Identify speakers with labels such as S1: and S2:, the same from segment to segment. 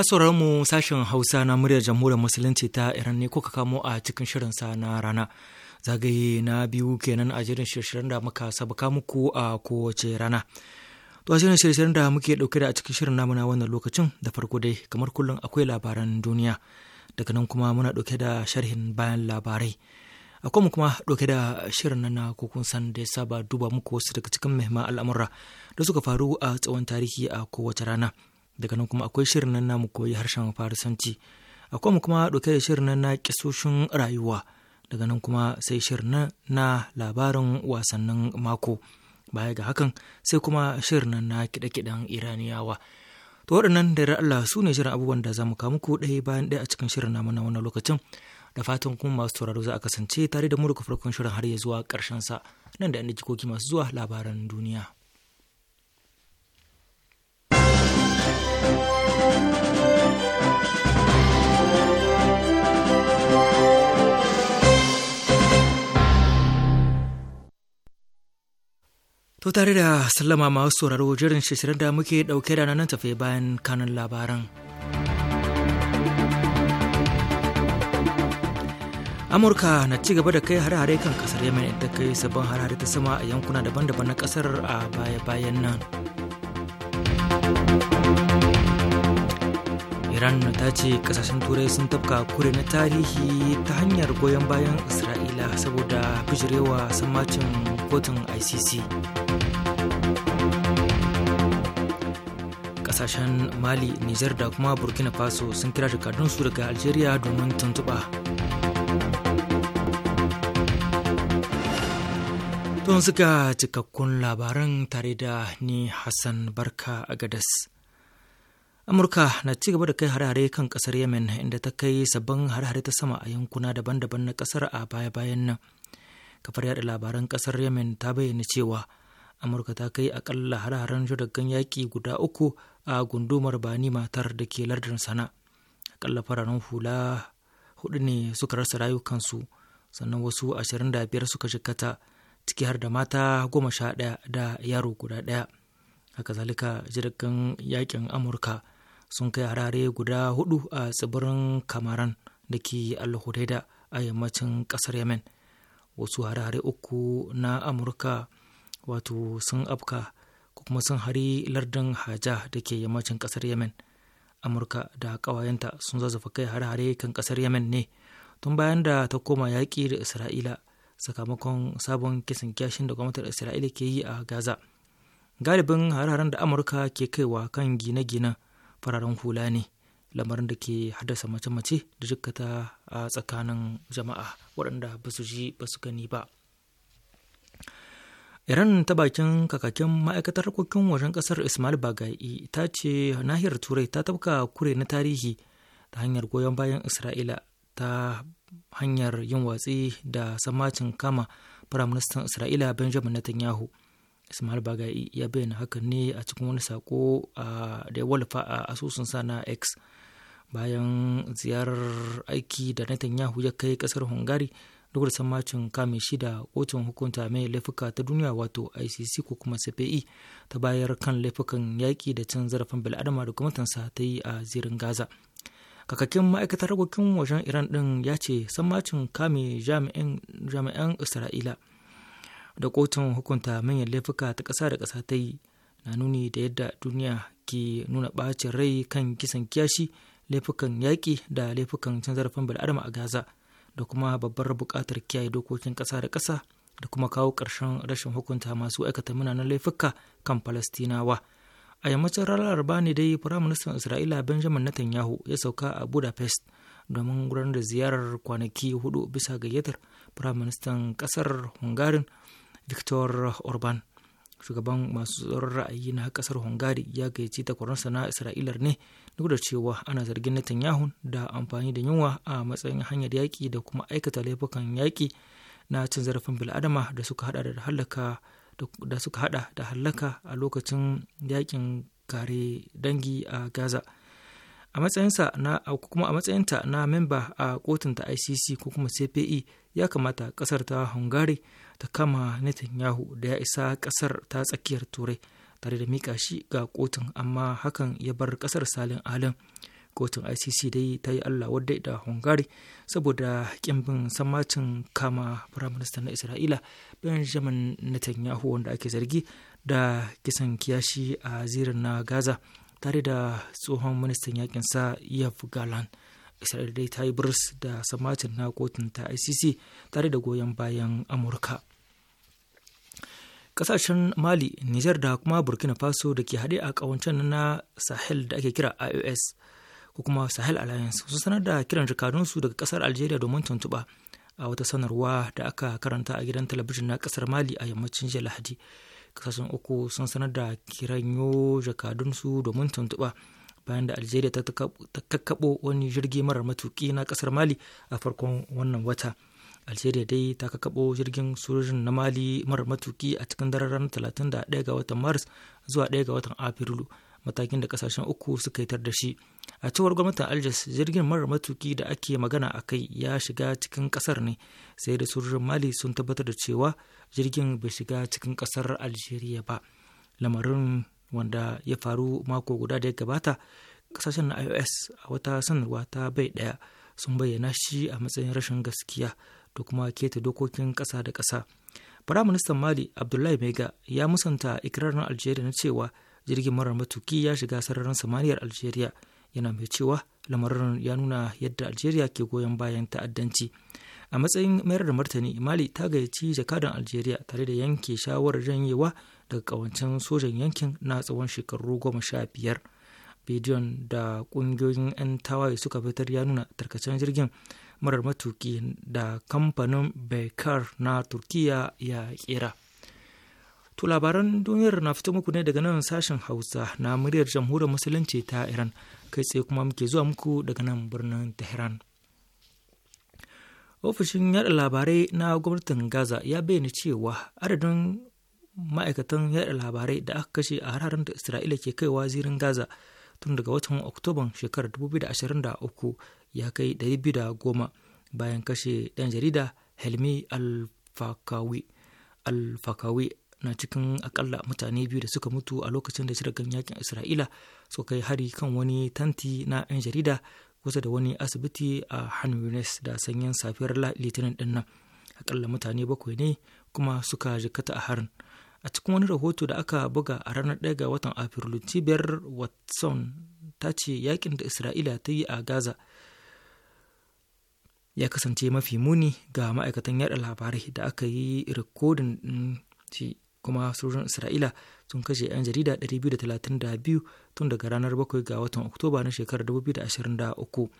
S1: masu mu sashen hausa na muryar jamhuriyar musulunci ta iran ne kuka kamo a cikin shirin sa na rana zagaye na biyu kenan a jirin shirye da muka sabuka muku a kowace rana to shirin shirye da muke dauke da a cikin shirin namu na wannan lokacin da farko dai kamar kullum akwai labaran duniya daga nan kuma muna dauke da sharhin bayan labarai akwai mu kuma dauke da shirin na kukun san da ya saba duba muku wasu daga cikin muhimman al'amura da suka faru a tsawon tarihi a kowace rana daga nan kuma akwai shirin nan namu koyi harshen farisanci akwai mu kuma dauke da shirin nan na kisoshin rayuwa daga nan kuma sai shirin nan na labarin wasannin mako baya ga hakan sai kuma shirin nan na kiɗe-kiɗen iraniyawa to waɗannan da Allah su ne shirin abubuwan da za mu kawo muku ɗaya bayan ɗaya a cikin shirin namu na wannan lokacin da fatan kuma masu tauraro za a kasance tare da mu daga farkon shirin har ya zuwa karshen sa nan da yan jikoki masu zuwa labaran duniya. To tare da sallama masu sauraro jirin shirin da muke ɗauke da nan tafe bayan kanun labaran. Amurka na ci gaba da kai hare-hare kan kasar Yemen da kai sabon hare-hare ta sama a yankuna daban-daban na kasar a baya-bayan nan. iran ta ce kasashen turai sun tafka kure na tarihi ta hanyar goyon bayan isra'ila saboda bijirewa samacin kotun icc kasashen mali nijar da kuma burkina faso sun kira su daga algeria domin tuntuɓa tun suka cikakkun labaran tare da ni hassan barka a gadas amurka na ci gaba da kai harare kan kasar yemen inda ta kai sabbin harare ta sama a yankuna daban-daban na kasar a baya-bayan nan kafar yada labaran kasar yemen ta bayyana cewa amurka ta kai akalla hararen jiragen yaƙi guda uku a gundumar bani matar da ke lardin sana akalla fararen hula hudu ne suka rasa rayukansu sannan wasu ashirin da biyar suka shikata ciki har da mata goma sha ɗaya da yaro guda ɗaya haka zalika jirgin yaƙin amurka sun kai harare guda hudu a tsibirin kamaran da ke alhudaida a yammacin kasar yemen wasu harare uku na amurka wato sun afka ko kuma sun hari lardin haja da ke yammacin kasar yemen amurka da kawayenta sun zazzafa kai harare kan kasar yemen ne tun bayan da ta koma yaƙi da isra'ila sakamakon sabon kisan kyashin da gwamnatin isra'ila ke yi a gaza galibin hararen da amurka ke kaiwa kan gine-ginen fararen hula ne lamarin da ke haddasa mace-mace da jikata a tsakanin jama'a waɗanda ba su ji ba su gani ba iran ta bakin kakakin ma'aikatar harkokin wajen ƙasar ismail bagai ta ce nahiyar turai ta tabka kure na tarihi ta hanyar goyon bayan isra'ila ta hanyar yin watsi da samacin kama firaministan isra'ila benjamin netanyahu ismail bagai ya bayyana hakan ne a cikin wani sako da ya wallafa a asusun sa na x bayan ziyarar aiki da netanyahu ya kai kasar hungary duk da sammacin kame shi da kotun hukunta mai laifuka ta duniya wato icc ko kuma cpe ta bayar kan laifukan yaƙi da cin zarafin bil'adama da gwamnatinsa ta yi a zirin gaza kakakin ma'aikatar harkokin wajen iran din ya ce sammacin kame jami'an isra'ila da kotun hukunta manyan laifuka ta ƙasa da ƙasa ta yi na nuni da yadda duniya ke nuna ɓacin rai kan kisan kiyashi laifukan yaƙi da laifukan cin zarafin bil'adama a gaza da kuma babbar buƙatar kiyaye dokokin ƙasa da ƙasa da kuma kawo ƙarshen rashin hukunta masu aikata munanan laifuka kan falastinawa a yammacin ranar laraba ne dai firaministan isra'ila benjamin netanyahu ya sauka a budapest domin gudanar da ziyarar kwanaki hudu bisa gayyatar firaministan ƙasar hungarin Viktor Orban. Shugaban masu tsoron ra'ayi na kasar Hungary ya gayyaci takwaransa na Isra'ilar ne duk da cewa ana zargin Netanyahu da amfani da yunwa a matsayin hanyar yaƙi da kuma aikata laifukan yaƙi na cin zarafin bil'adama da suka hada da hallaka da suka hada da halaka a lokacin yaƙin kare dangi a Gaza. A matsayinsa na kuma a matsayinta na memba a kotun ta ICC ko kuma CPE ya kamata kasar ta Hungary ta kama Netanyahu da ya isa kasar ta tsakiyar Turai tare da mika shi ga kotun amma hakan ya bar kasar salin alin. Kotun ICC dai ta yi Allah wadda da Hungary saboda kimbin samacin kama kama Firaministan na Isra'ila Benjamin Netanyahu wanda ake zargi da kisan kiyashi a zirin na Gaza tare da tsohon ministan yakin sa Yav Galan. isra'ila dai ta yi birs da samacin na kotun ta icc tare da goyon bayan amurka kasashen mali niger da kuma burkina faso da ke haɗe a ƙawancen na sahel da ake kira ios ko kuma sahel alliance su sanar da kiran jakadunsu daga ƙasar algeria domin tuntuɓa a wata sanarwa da aka karanta a gidan talabijin na ƙasar mali a yammacin jiya lahadi kasashen uku sun sanar da kiranyo jakadunsu domin tuntuɓa bayan da algeria ta kakkaɓo wani jirgi marar matuki na ƙasar mali a farkon wannan wata algeria dai ta kakkaɓo jirgin sojojin na mali marar matuki a cikin daren ranar daya ga watan maris zuwa ɗaya ga watan afrilu matakin da kasashen uku suka yitar da shi a cewar gwamnatin aljas jirgin marar matuki da ake magana a kai ya shiga cikin kasar ne sai da sojojin mali sun tabbatar da cewa jirgin bai shiga cikin kasar algeria ba lamarin wanda ya faru mako guda da ya gabata kasashen na ios a wata sanarwa ta bai daya sun bayyana shi a matsayin rashin gaskiya da kuma keta dokokin kasa da kasa ministan mali abdullahi mega ya musanta ikirarin algeria na cewa jirgin marar matuki ya shiga sararin samaniyar algeria yana mai cewa lamarin ya nuna yadda algeria ke goyon bayan ta'addanci a matsayin mayar da martani mali ta gayyaci jakadan algeria tare da yanke shawarar janyewa daga kawancin sojan yankin na tsawon shekaru goma sha biyar bidiyon da kungiyoyin 'yan tawaye suka fitar ya nuna tarkacen jirgin marar matuki da kamfanin bekar na turkiya ya kera to labaran duniyar na fito muku ne daga nan sashen hausa na muryar jamhuriyar musulunci ta iran kai tsaye kuma muke zuwa muku daga nan birnin tehran ofishin yada labarai na gwamnatin gaza ya bayyana cewa adadin ma'aikatan yada labarai da aka kashe a hararen da isra'ila ke kaiwa zirin gaza tun daga watan oktoban shekarar 2023 ya kai 210 bayan kashe ɗan jarida helmi alfakawi alfakawi na cikin akalla mutane biyu da suka mutu a lokacin da shirgan yakin isra'ila suka kai hari kan wani tanti na 'yan jarida kusa da wani asibiti a Han da sanyin safiyar litinin din nan. Akalla mutane bakwai ne kuma suka jikata a harin. A cikin wani rahoto da aka buga a ranar 1 ga watan Afrilu, cibiyar Watson ta ce yakin da Isra'ila ta yi a Gaza ya kasance mafi muni ga ma'aikatan yada labarai da aka yi rikodin shi kuma sojojin Isra'ila sun kashe 'yan jarida 232 tun daga ranar 7 ga watan oktoba na shekarar 2023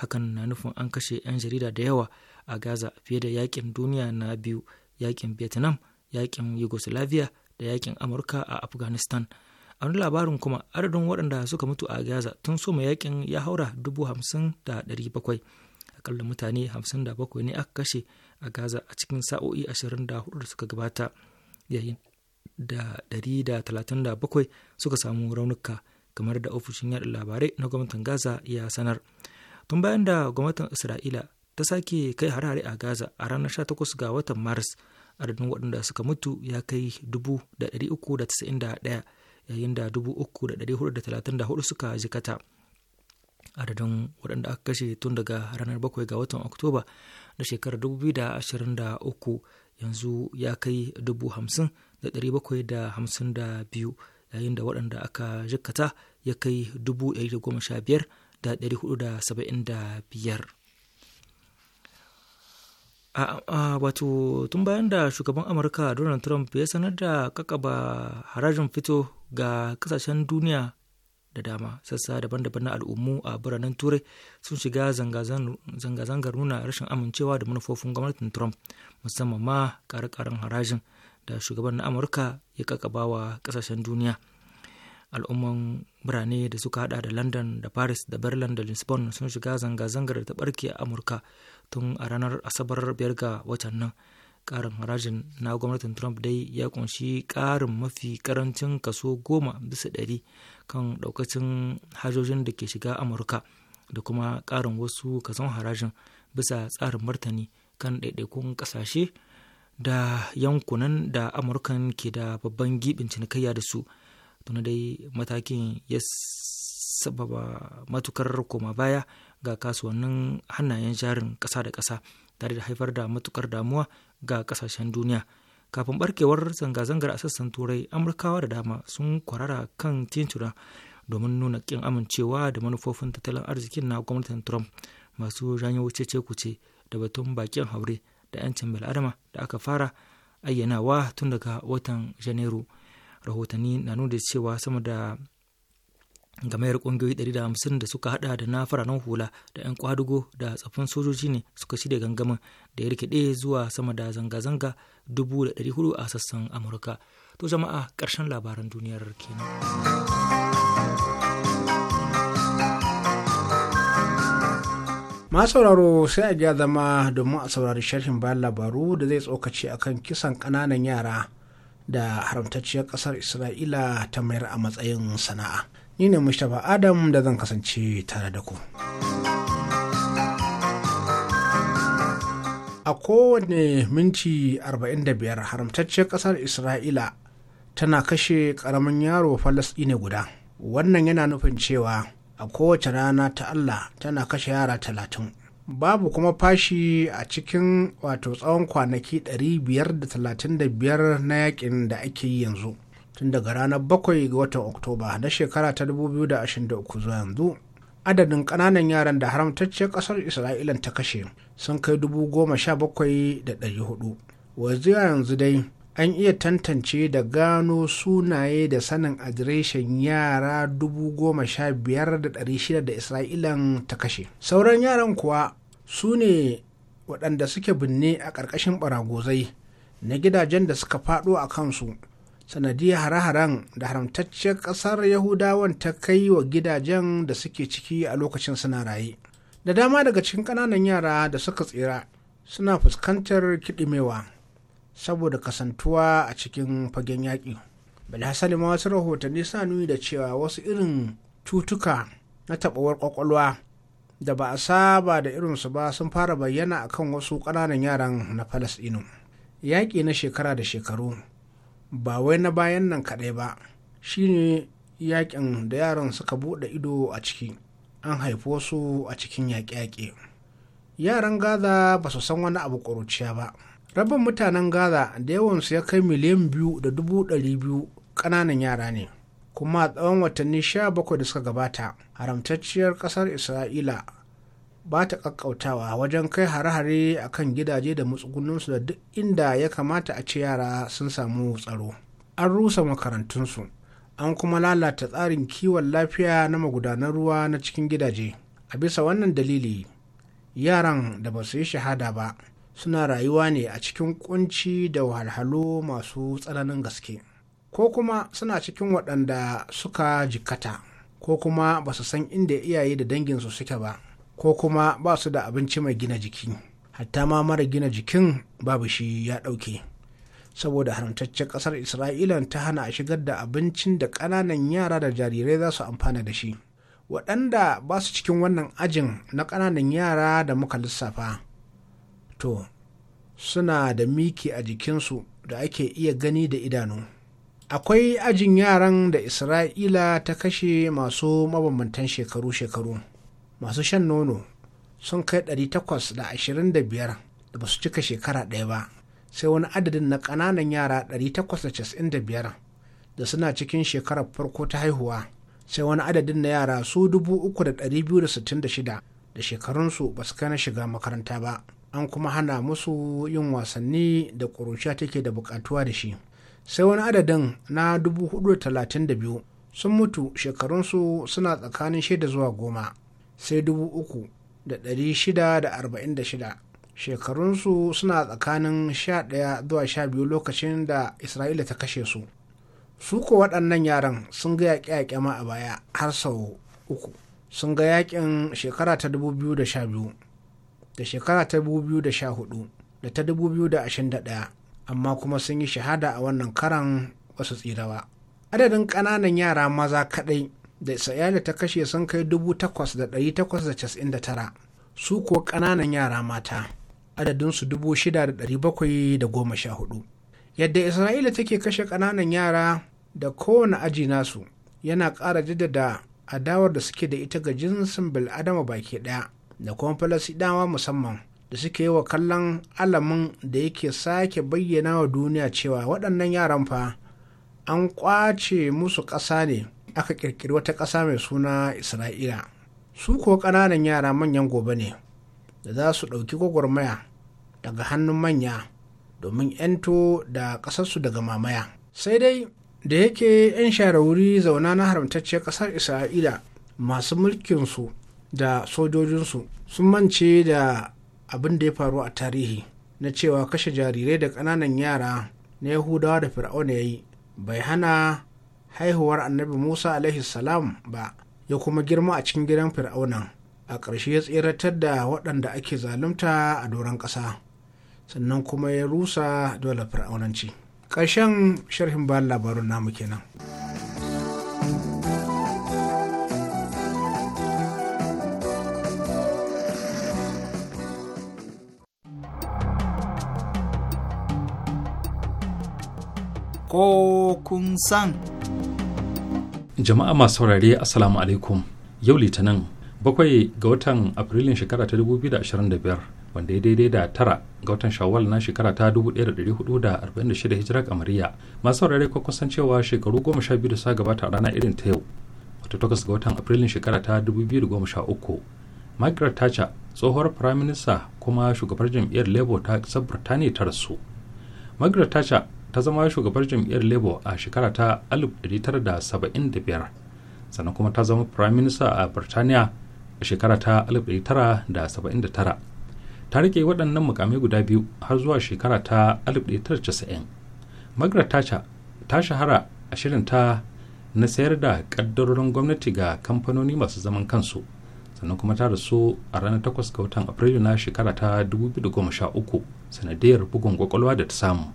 S1: hakan na nufin an kashe 'yan jarida da yawa a gaza fiye da yakin duniya na biyu yakin vietnam yakin yugoslavia da yakin amurka a afghanistan a wani labarin kuma adadin waɗanda suka mutu a gaza tun soma yakin ya haura 50,700 akalla mutane 57 ne aka kashe a gaza a cikin sa'o'i 24 da suka gabata yayin da 137 suka samu raunuka kamar da ofishin yada labarai na gwamnatin gaza ya sanar tun bayan da gwamnatin isra'ila ta sake kai harare a gaza a ranar 18 ga watan maris adadin waɗanda suka mutu ya kai 391 yayin da 3,434 suka jikata adadin waɗanda aka kashe tun daga ranar 7 ga watan oktoba na shekarar 2023 yanzu ya kai 50,000 da da biyu yayin da waɗanda aka jikkata ya kai da 115,475 a wato tun bayan da shugaban amurka donald trump ya sanar da kakaba harajin fito ga kasashen duniya da dama sassa daban-daban na al'ummu a biranen turai sun shiga zanga-zangar nuna rashin amincewa da manufofin gwamnatin trump musamman ma kare-karen harajin da shugaban na amurka ya wa kasashen duniya al'umman birane da suka hada da london da paris da berlin da lisbon sun shiga zanga-zangar da ta barke a amurka tun a ranar asabar biyar ga watan nan karin harajin na gwamnatin trump dai ya kunshi karin mafi karancin kaso goma bisa ɗari kan ɗaukacin hajojin da ke shiga amurka da kuma karin wasu kason harajin bisa tsarin martani kan ɗaiɗaikun ƙasashe da yankunan da amurkan ke da babban gibin cinikayya da su tuna dai matakin ya sababa matukar koma baya ga kasuwannin hannayen jarin kasa da ƙasa tare da haifar da matukar damuwa ga ƙasashen duniya kafin barkewar zanga-zangar a sassan turai amurkawa da dama sun kwarara kan tituna domin nuna ƙin amincewa da manufofin tattalin arzikin na gwamnatin trump masu janyo cece kuce da batun bakin haure da 'yancin bil'adama da aka fara ayyanawa tun daga watan janairu rahotanni na nuna cewa sama da gamayar kungiyoyi 150 da suka hada da na fararen hula da 'yan kwadugo da tsafin sojoji ne suka shirya gangamin da ya rikide zuwa sama da zanga-zanga 400 a sassan amurka to jama'a ƙarshen labaran duniyar kenan.
S2: ma sauraro sai a ja zama domin a saurari sharhin bayan labaru da zai tsokaci akan kisan ƙananan yara da haramtacciyar ƙasar isra'ila ta mayar a matsayin sana'a ni ne mustapha adam da zan kasance tare da ku a kowane minti 45 haramtacciyar ƙasar isra'ila tana kashe ƙaramin yaro ne guda wannan yana nufin cewa a kowace rana ta Allah tana kashe yara talatin. Babu kuma fashi a cikin wato tsawon kwanaki biyar na yakin da ake yi yanzu. Tun daga ranar bakwai ga watan Oktoba na shekara ta 2023 zuwa yanzu. Adadin ƙananan yaran da haramtacciyar ƙasar Isra'ila ta kashe sun kai dubu goma sha bakwai da 17,400. Waziya yanzu dai an iya tantance da gano sunaye da sanin adireshin yara dubu goma sha biyar da shida da isra'ilan ta kashe sauran yaran kuwa su ne waɗanda suke binne a ƙarƙashin ɓaragozai na gidajen da suka faɗo a kansu sanadiyar hare-haren da haramtacciyar ƙasar yahudawan ta kai wa gidajen da suke ciki a lokacin suna raye da dama daga cikin ƙananan yara da suka tsira suna fuskantar kiɗimewa saboda kasantuwa a cikin fagen yaƙi bilhassali ma wasu rahotanni sa nuni da cewa wasu irin cutuka na taɓawar ƙwaƙwalwa da ba a saba da irinsu ba sun fara bayyana kan wasu ƙananan yaran na falasɗinu yaƙi na shekara da shekaru ba wai na bayan nan kaɗai ba shine yaƙin da yaran suka buɗe ido a ciki an haifi wasu a cikin yaƙe-yaƙe yaran gaza ba su san wani abu ƙuruciya ba rabin mutanen gaza da yawansu ya kai miliyan biyu da dubu ɗari biyu ƙananan yara ne kuma tsawon watanni sha bakwai da suka gabata haramtacciyar ƙasar isra'ila ba ta ƙaƙƙautawa wajen kai hare-hare a kan gidaje da matsugunninsu da duk inda ya kamata a ce yara sun samu tsaro an rusa makarantunsu an kuma lalata tsarin kiwon lafiya na magudanan ruwa na cikin gidaje a bisa wannan dalili yaran da ba su yi shahada ba suna rayuwa ne a cikin kunci da wahalhalu masu tsananin gaske ko kuma suna cikin waɗanda suka jikkata ko kuma ba su san inda iyaye da danginsu suke ba ko kuma ba su da abinci mai gina jiki hatta ma mara gina jikin babu shi ya ɗauke saboda haramtaccen ƙasar isra'ila ta hana a shigar da abincin da ƙananan yara da jarirai za su amfana da shi waɗanda ba su cikin wannan ajin na ƙananan yara da muka lissafa to suna da miki a jikinsu da ake iya gani da idanu akwai ajin yaran da isra'ila ta kashe masu mabambantan shekaru-shekaru masu shan nono sun kai 825 da ba su cika shekara ɗaya ba sai wani adadin na ƙananan yara 895 da suna cikin shekarar farko ta haihuwa sai wani adadin na yara su shida da shekarunsu ba su kai na shiga makaranta ba an kuma hana musu yin wasanni da ƙuruciya take da bukatuwa da shi sai wani adadin na 432 sun mutu shekarunsu suna tsakanin shida zuwa goma sai 3,646 shekarunsu suna tsakanin 11 zuwa 12 lokacin da isra'ila ta kashe su su ko waɗannan yaran sun ga yaƙe-yaƙe ma a baya har sau uku sun ga yaƙin shekara ta 2012 da shekara ta 2014 da ta 2021 amma kuma sun yi shahada a wannan karan wasu tsirawa adadin ƙananan yara maza kaɗai da isra'ila ta kashe sun kai 8,899 su kuwa ƙananan yara mata adadinsu 6,714 yadda isra'ila take kashe ƙananan yara da kowane aji nasu yana ƙara jaddada adawar da suke da ita ga jinsin bil'adama baki ɗaya da kuma falasɗinawa musamman da suke yi wa kallon alamun da yake sake bayyana wa duniya cewa waɗannan yaran fa an ƙwace musu ƙasa ne aka ƙirƙiri wata ƙasa mai suna isra'ila su ko ƙananan yara manyan gobe ne da za su ɗauki gwagwarmaya daga hannun manya domin 'yanto da ƙasarsu daga mamaya sai dai da yake 'yan share wuri zauna na haramtacciyar ƙasar isra'ila masu mulkinsu da sojojinsu sun mance da abin da ya faru a tarihi na cewa kashe jarirai da ƙananan yara na yahudawa da fir'auna ya yi bai hana haihuwar annabi musa alaihi salam ba ya kuma girma a cikin gidan fir'auna a ƙarshe ya tseratar da waɗanda ake zalunta a doron ƙasa sannan kuma ya rusa dole fir'aunanci ƙarshen sharhin bayan labarun namu kenan.
S3: ko kun san.
S4: Jama'a masu saurare Assalamu alaikum yau litinin bakwai ga watan Afrilun shekara ta 2025 wanda ya daidai da tara ga watan shawwal na shekara ta 1446 hijira kamariya masu saurare ko kusan cewa shekaru goma sha biyu da sa gabata a rana irin ta yau wata takwas ga watan Afrilun shekara ta 2013 Margaret Thatcher tsohuwar firaminista kuma shugabar jam'iyyar Labour ta ƙasar Birtaniya ta rasu. Margaret Thatcher ta zama shugabar jam'iyyar labour a shekara ta 1975 sannan kuma ta zama prime minister a birtaniya a shekara ta 1979 ta rike waɗannan mukamai guda biyu har zuwa shekara ta 1990 margaret ta shahara a shirinta na sayar da ƙaddarorin gwamnati ga kamfanoni masu zaman kansu sannan kuma ta rasu a ranar 8 ga watan afrilu na shekara ta 2013 sanadiyar bugun kwakwalwa da ta samu.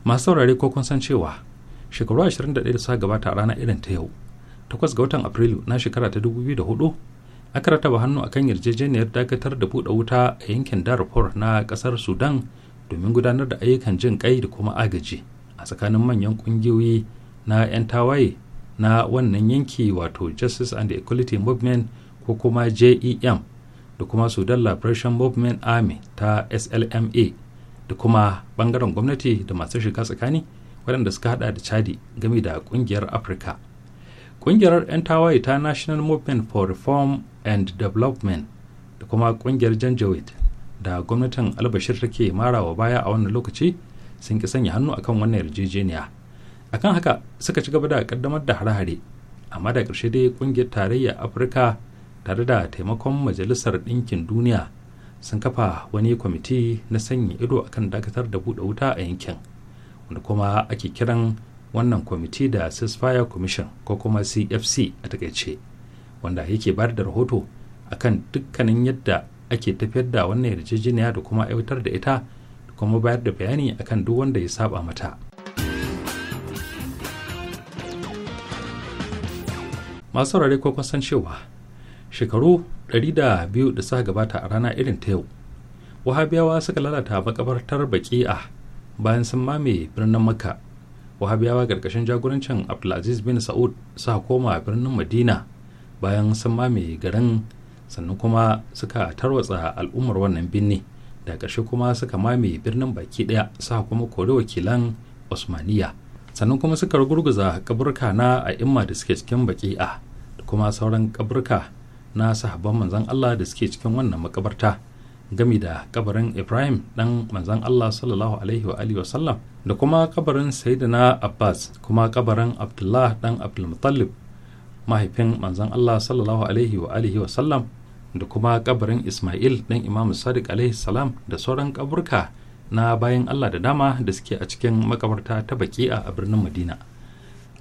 S4: masu saurare ko kun san cewa shekaru 21 da suka gabata a rana irin ta yau takwas ga watan afrilu na shekara ta 2004 aka rataba hannu akan yarjejeniyar dakatar da buɗe wuta a yankin darfur na ƙasar sudan domin gudanar da ayyukan jin kai da kuma agaji a tsakanin manyan ƙungiyoyi na 'yan tawaye na wannan yanki wato justice and equality movement ko kuma jem da kuma sudan liberation movement army ta slma da kuma bangaren gwamnati da masu shiga tsakani waɗanda suka hada da chadi game da ƙungiyar afirka ƙungiyar 'yan tawaye ta national movement for reform and development da kuma ƙungiyar janjawid da gwamnatin albashir take marawa baya a wannan lokaci sun ki sanya hannu akan wannan yarjejeniya akan haka suka ci gaba da kaddamar da hare-hare amma da ƙarshe dai ƙungiyar tarayya afirka tare da taimakon majalisar ɗinkin duniya sun kafa wani kwamiti na sanya ido akan dakatar da buɗe wuta a yankin wanda kuma ake kiran wannan kwamiti da ceasefire commission ko kuma cfc a takaice wanda yake bayar da rahoto akan dukkanin yadda ake tafiyar da wannan yarjejeniya da kuma aiwatar da ita da kuma bayar da bayani akan duk wanda ya saba mata masu saurare ko cewa shekaru 102 da suka gabata a rana irin ta yau wahabiyawa suka lalata makabartar baki'a bayan sun mame birnin makka wahabiyawa karkashin jagorancin abdulaziz bin sa'ud suka koma birnin madina bayan sun mame garin sannan kuma suka tarwatsa al'ummar wannan birni da ƙarshe kuma suka mame birnin baki ɗaya suka kuma kori wakilan osmaniya sannan kuma suka gurguza kaburka na a imma da suke cikin baki'a da kuma sauran kaburka na sahabban manzan Allah da suke cikin wannan makabarta gami da kabarin Ibrahim dan manzan Allah sallallahu alaihi wa alihi wasallam da kuma kabarin Sayyidina Abbas kuma kabarin Abdullah dan Abdul Muttalib mahaifin manzan Allah sallallahu alaihi wa alihi wasallam da kuma kabarin Ismail dan Imam Sadiq alaihi salam da sauran kaburka na bayan Allah da dama da suke a cikin makabarta ta Baqi'a a birnin Madina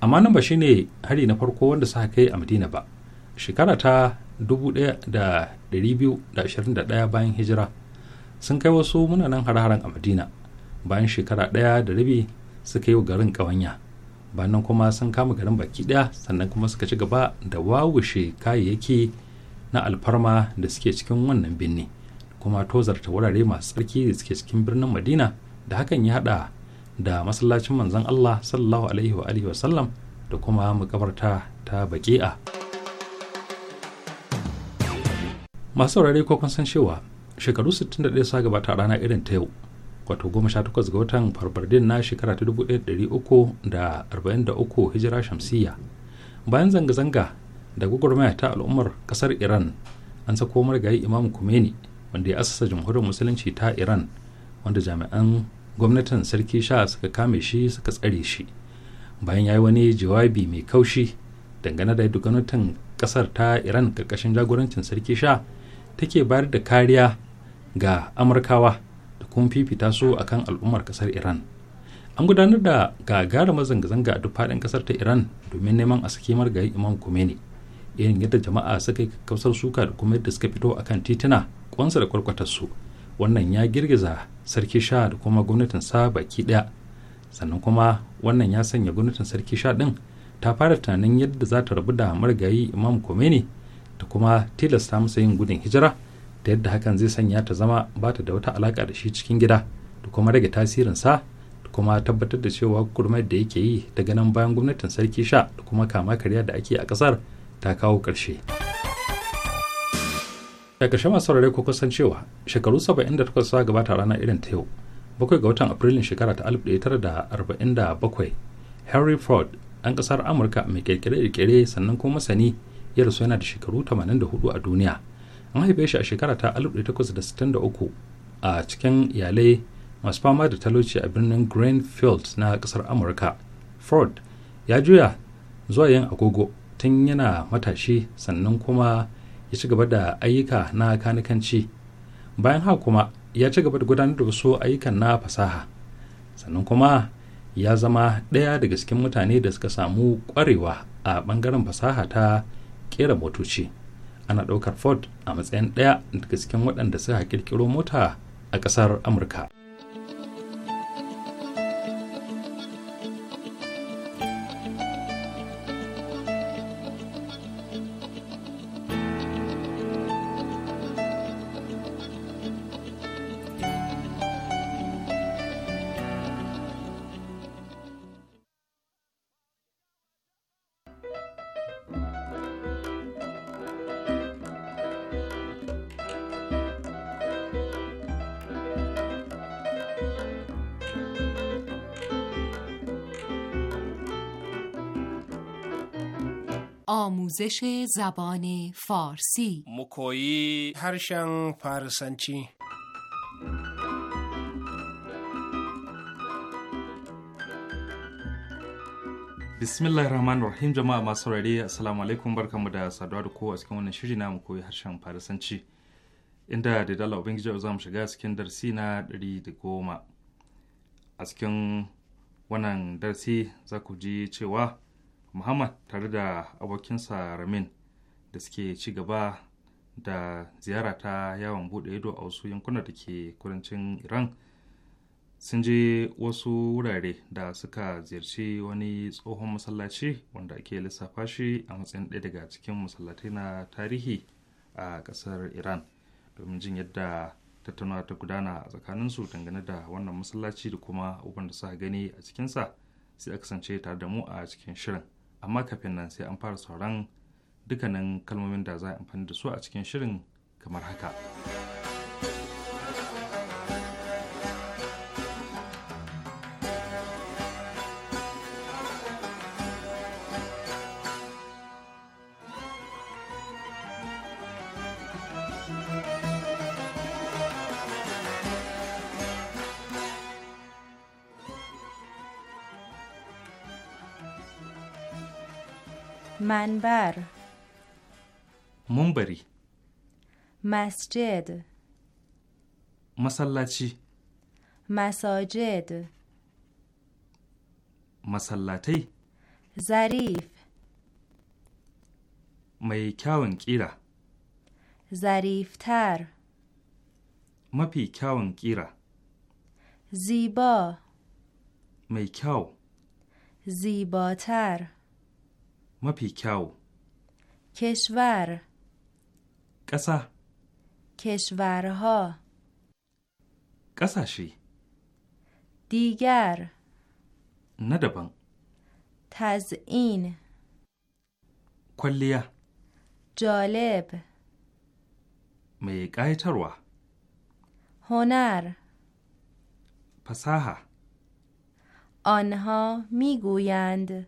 S4: amma nan ba shine hari na farko wanda suka kai a Madina ba shekara ta 1221 bayan hijira sun kai wasu munanan har a madina bayan shekara ɗaya da rabi suka yi wa garin ƙawanya bayan kuma sun kama garin baki ɗaya sannan kuma suka ci gaba da wawushe kayayyaki na alfarma da suke cikin wannan birni kuma tozarta wurare masu tsarki da suke cikin birnin madina da hakan ya haɗa da masallacin manzon allah sallallahu alaihi wa sallam da kuma makabarta ta baki'a. masu saurari ko kun san cewa shekaru 61 sa gabata rana irin ta yau wato 18 ga watan farfardin na shekara ta 1343 hijira shamsiyya bayan zanga-zanga da gwagwarmaya ta al'ummar kasar iran an sako marigayi imam kumeni wanda ya asasa jamhuriyar musulunci ta iran wanda jami'an gwamnatin sarki sha suka kame shi suka tsare shi bayan ya yi wani jawabi mai kaushi dangane da yadda gwamnatin kasar ta iran karkashin jagorancin sarki sha take bayar da kariya ga amurkawa da kuma fifita su akan al'ummar kasar iran an gudanar da gagarumar zanga-zanga a duk faɗin kasar ta iran domin neman a saki margayi imam kumeni irin yadda jama'a suka yi kakkausar suka da kuma yadda suka fito a kan titina kwansa da kwarkwatar wannan ya girgiza sarki sha da kuma gwamnatin sa baki ɗaya sannan kuma wannan ya sanya gwamnatin sarki sha ɗin ta fara tunanin yadda za ta rabu da margayi imam Khomeini da kuma tilasta masa yin gudun hijira da yadda hakan zai sanya ta zama ba ta da wata alaka da shi cikin gida da kuma rage tasirinsa da kuma tabbatar da cewa kurma da yake yi daga nan bayan gwamnatin sarki sha da kuma kama karya da ake a kasar ta kawo ƙarshe. da ƙarshe masu saurare ko kusan cewa shekaru 78 suka gabata rana irin ta yau bakwai ga watan afrilun shekara ta 1947 henry ford ɗan ƙasar amurka mai kirkire-kirkire sannan kuma masani ya rasu yana da shekaru 84 a duniya an haife shi a shekara ta 1863 a cikin iyalai masu fama da talauci a birnin greenfield na kasar amurka ford ya juya zuwa yin agogo tun yana matashi sannan kuma ya ci gaba da ayyuka na kanikanci bayan haka kuma ya ci gaba da gudanar da wasu ayyukan na fasaha sannan kuma ya zama ɗaya daga cikin mutane da suka samu ƙwarewa a ɓangaren fasaha ta kera motoci ana ɗaukar ford a matsayin ɗaya daga cikin waɗanda suka kirkiro mota a ƙasar amurka
S5: آموزش زبان
S2: فارسی مکویی هرشن فارسنچی
S4: bismillahir rahmanir rahim jama'a masu saurare assalamu alaikum barkanmu da saduwa da kowa cikin wannan shiri na mu koyi harshen farisanci inda da dala ubangiji za mu shiga cikin darsi na ɗari da goma a cikin wannan darsi za ku ji cewa muhammad tare da abokinsa ramin da suke ci gaba da ziyara ta yawon bude ido a wasu yankuna da ke kudancin iran sun je wasu wurare da suka ziyarci wani tsohon masallaci wanda ake lissafa shi a matsayin ɗaya daga cikin masallatai na tarihi a ƙasar iran domin jin yadda tattaunawa ta gudana a tsakaninsu dangane da wannan masallaci da kuma abubuwan da suka gani a cikinsa sai a kasance tare da mu a cikin shirin amma kafin nan sai an fara sauran dukkanin kalmomin da za a amfani da su a cikin shirin kamar haka.
S5: منبر منبری مسجد
S4: مسلاتی
S5: مساجد
S4: مسلاتی
S5: ظریف
S4: می کیرا
S5: ظریف تر
S4: مپی کون کیرا
S5: زیبا
S4: می کاو
S5: زیباتر مپی کشور کسا کشورها کساشی دیگر ندبن تزئین کلیه جالب
S4: می قایتروا
S5: هنر پسها. آنها میگویند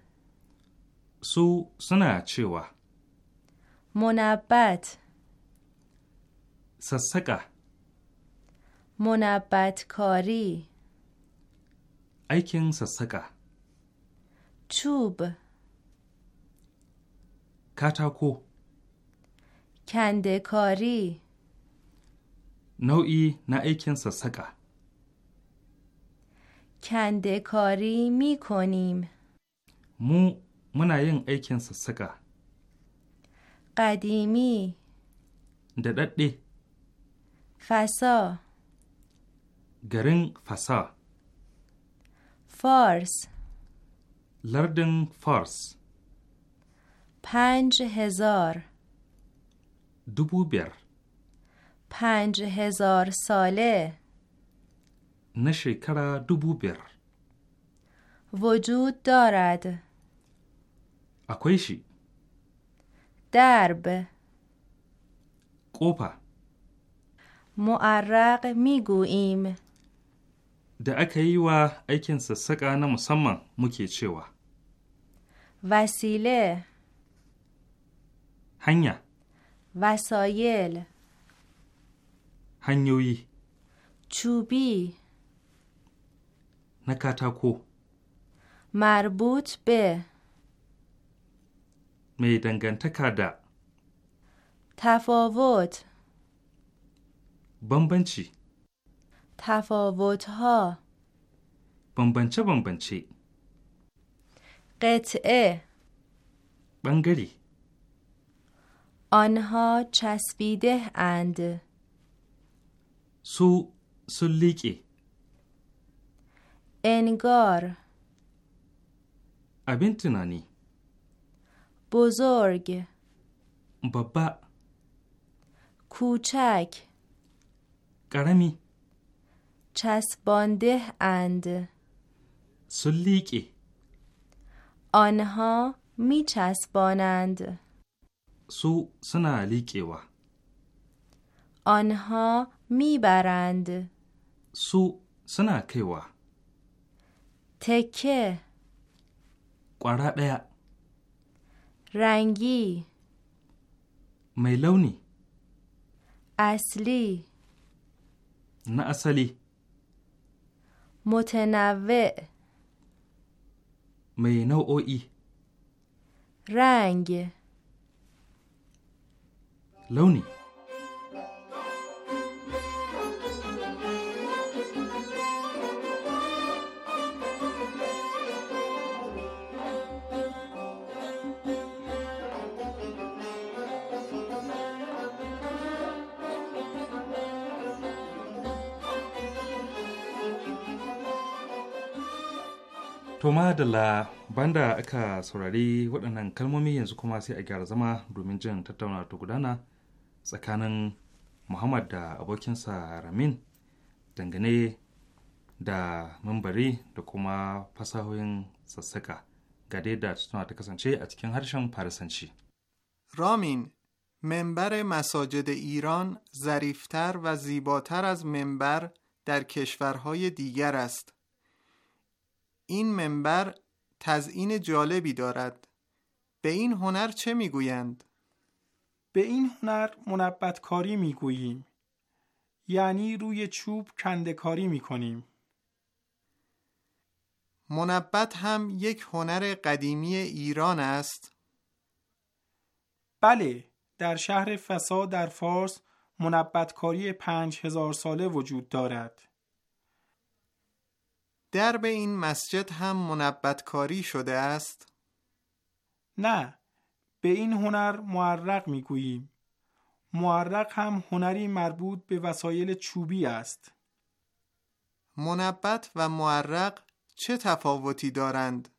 S4: su suna cewa
S5: Monabat
S4: sassaka
S5: Monabat kori
S4: aikin sassaka
S5: tube
S4: katako kande nau'i na aikin sassaka
S5: kande kori mikonim
S4: mu muna yin aikin sassaƙa
S5: قدیمی
S4: ددده
S5: فسا
S4: گرین فسا
S5: فارس
S4: لردن فارس
S5: پنج هزار دوبوبر پنج هزار ساله
S4: نشکر دوبوبر
S5: وجود دارد akwai shi Kofa. ƙofa معرق میگوییم
S4: da aka yi wa aikin sassaƙa na musamman muke cewa.
S5: Vasile Hanya Vasoyel Hanyoyi Cubi
S4: Na katako
S5: Marbut be
S4: می دنگنتکا دا
S5: تفاوت
S4: بنبنچی
S5: تفاوت ها
S4: بنبنچه
S5: قطعه بنگری آنها چسبیده اند
S4: سو سلیکی
S5: انگار
S4: ابین تنانی
S5: بزرگ بابا کوچک گرمی چسبانده اند
S4: سلیکی
S5: آنها می چسبانند
S4: سو سنا و
S5: آنها می برند
S4: سو سنا کیوا
S5: تکه
S4: قرار
S5: رنگی mai launi asli na asali متنوع
S4: mai nau'o'i رنگ لونی da la banda aka saurari waɗannan kalmomi yanzu kuma sai a gyara zama domin jin tattauna ta gudana tsakanin Muhammad da abokinsa Ramin dangane da membari da kuma fasahohin sassaka ga dai da tattauna ta kasance a cikin harshen Farisanci. رامین membar
S6: مساجد ایران ظریفتر و زیباتر از membar در کشورهای دیگر است. این منبر تزئین جالبی دارد به این هنر چه میگویند به این هنر
S7: منبتکاری میگوییم یعنی روی چوب کندکاری
S6: میکنیم منبت هم یک هنر قدیمی ایران است بله در شهر
S7: فسا در فارس منبتکاری پنج هزار ساله وجود دارد
S6: درب این مسجد هم منبتکاری شده است؟ نه به این هنر معرق گوییم
S7: معرق هم هنری مربوط به وسایل چوبی است
S6: منبت و معرق چه تفاوتی دارند؟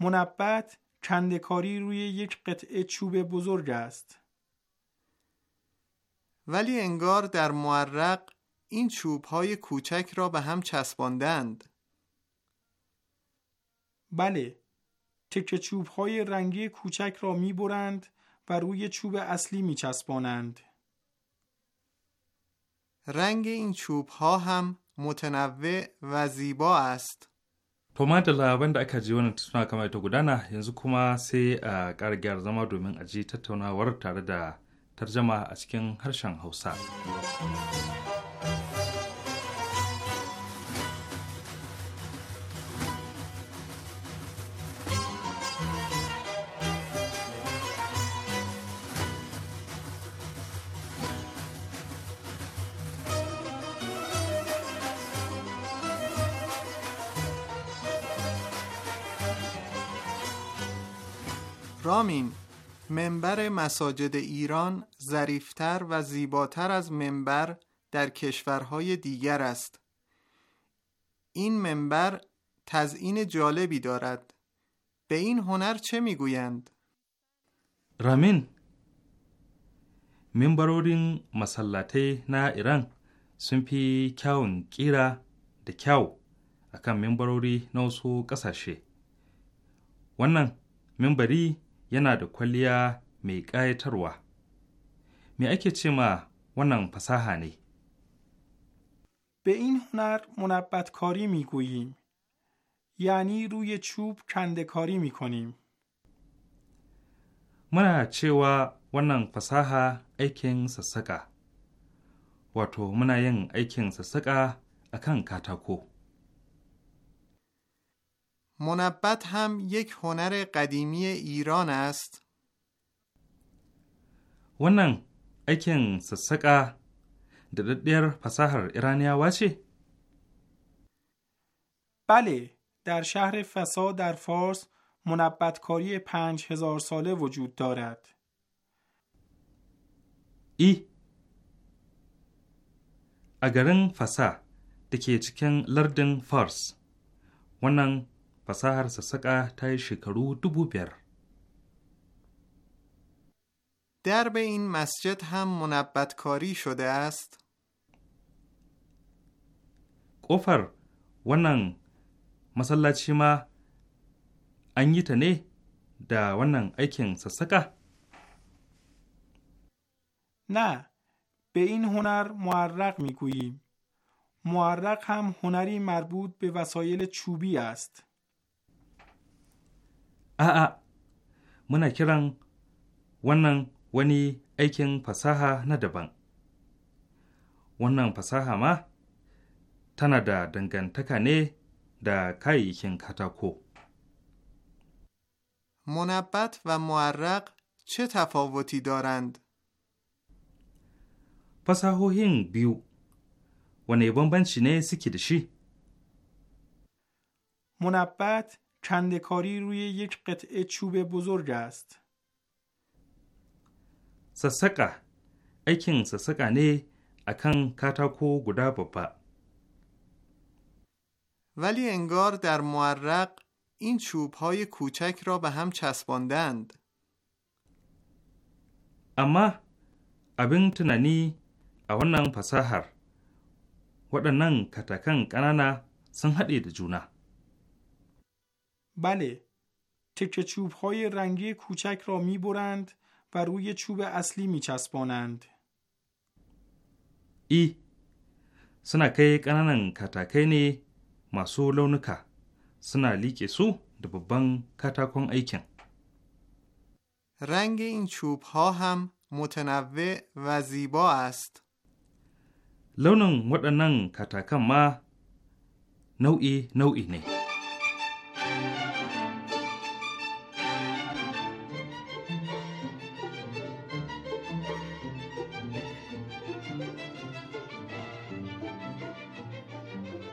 S6: منبت کندکاری روی یک قطعه چوب بزرگ است ولی انگار در معرق این چوب های کوچک را به هم چسباندند
S7: بله تکه چوب های رنگی کوچک را می برند و
S6: روی چوب اصلی می چسبانند رنگ این چوب ها هم متنوع و زیبا است
S4: To madalla wanda aka ji wannan tattauna kamar ta gudana yanzu kuma sai a ƙara gyara zama domin a ji tattaunawar tare da tarjama a cikin harshen Hausa.
S6: رامین منبر مساجد ایران ظریفتر و زیباتر از منبر در کشورهای دیگر است این منبر تزئین جالبی دارد به این هنر چه میگویند
S4: رامین منبرورین مسلاتی نه ایران sun fi kyawun ƙira da kyau a kan mimbarori na wasu ƙasashe. Wannan mimbari yana da kwalliya mai ƙayatarwa. Me ake ce ma wannan fasaha ne?
S7: به این هنر منبت کاری می یعنی روی چوب کند کاری می کنیم.
S4: من چه و ونن پساها ایکن سسکا. و تو من این ایکن سسکا اکن کاتا کو.
S6: منبت هم یک هنر قدیمی ایران است.
S4: wannan ایکن سسکا daɗaɗɗiyar fasahar Iraniyawa ce? Bale, در شهر
S7: فسا در munabbat منبتکاری Panj هزار ساله وجود دارد.
S4: ای a garin fasa da ke cikin lardin fars wannan fasahar sassaƙa ta yi shekaru dubu biyar
S6: درب این مسجد هم منبتکاری کاری شده است؟
S4: کفر، ونن مسلاچی ما انگی تنه دا ونن ایکن سسکا؟
S7: نه، به این هنر معرق می گوییم. معرق هم هنری مربوط به وسایل چوبی است.
S4: آ آ منا کرن ونن ونی ایکن فساحه نه دبن wannan fasaha ma tana da dangantaka ne da kayayyakin katako.
S6: منبت و معرق چه تفاوتی دارند؟
S4: فساهوهین بیو و bambanci ne suke da
S6: منبت
S7: کندکاری روی یک قطعه چوب بزرگ است.
S4: sassaƙa aikin sassaƙa ne a kan katako guda babba
S6: ولی انگار در معرق این چوب های کوچک را به هم چسباندند
S4: اما abin tunani a wannan fasahar waɗannan katakan ƙanana sun haɗe da juna. بله تکه چوب های رنگی کوچک را می برند و روی
S7: چوب اصلی می چسبانند.
S4: ای سنا کی کنانن کتاکی نی ماسو لونکا سنا لیک سو da babban katakon aikin.
S6: رنگ این چوب ها هم متنوع و زیبا است.
S4: لونن waɗannan katakan ma nau'i nau'i ne.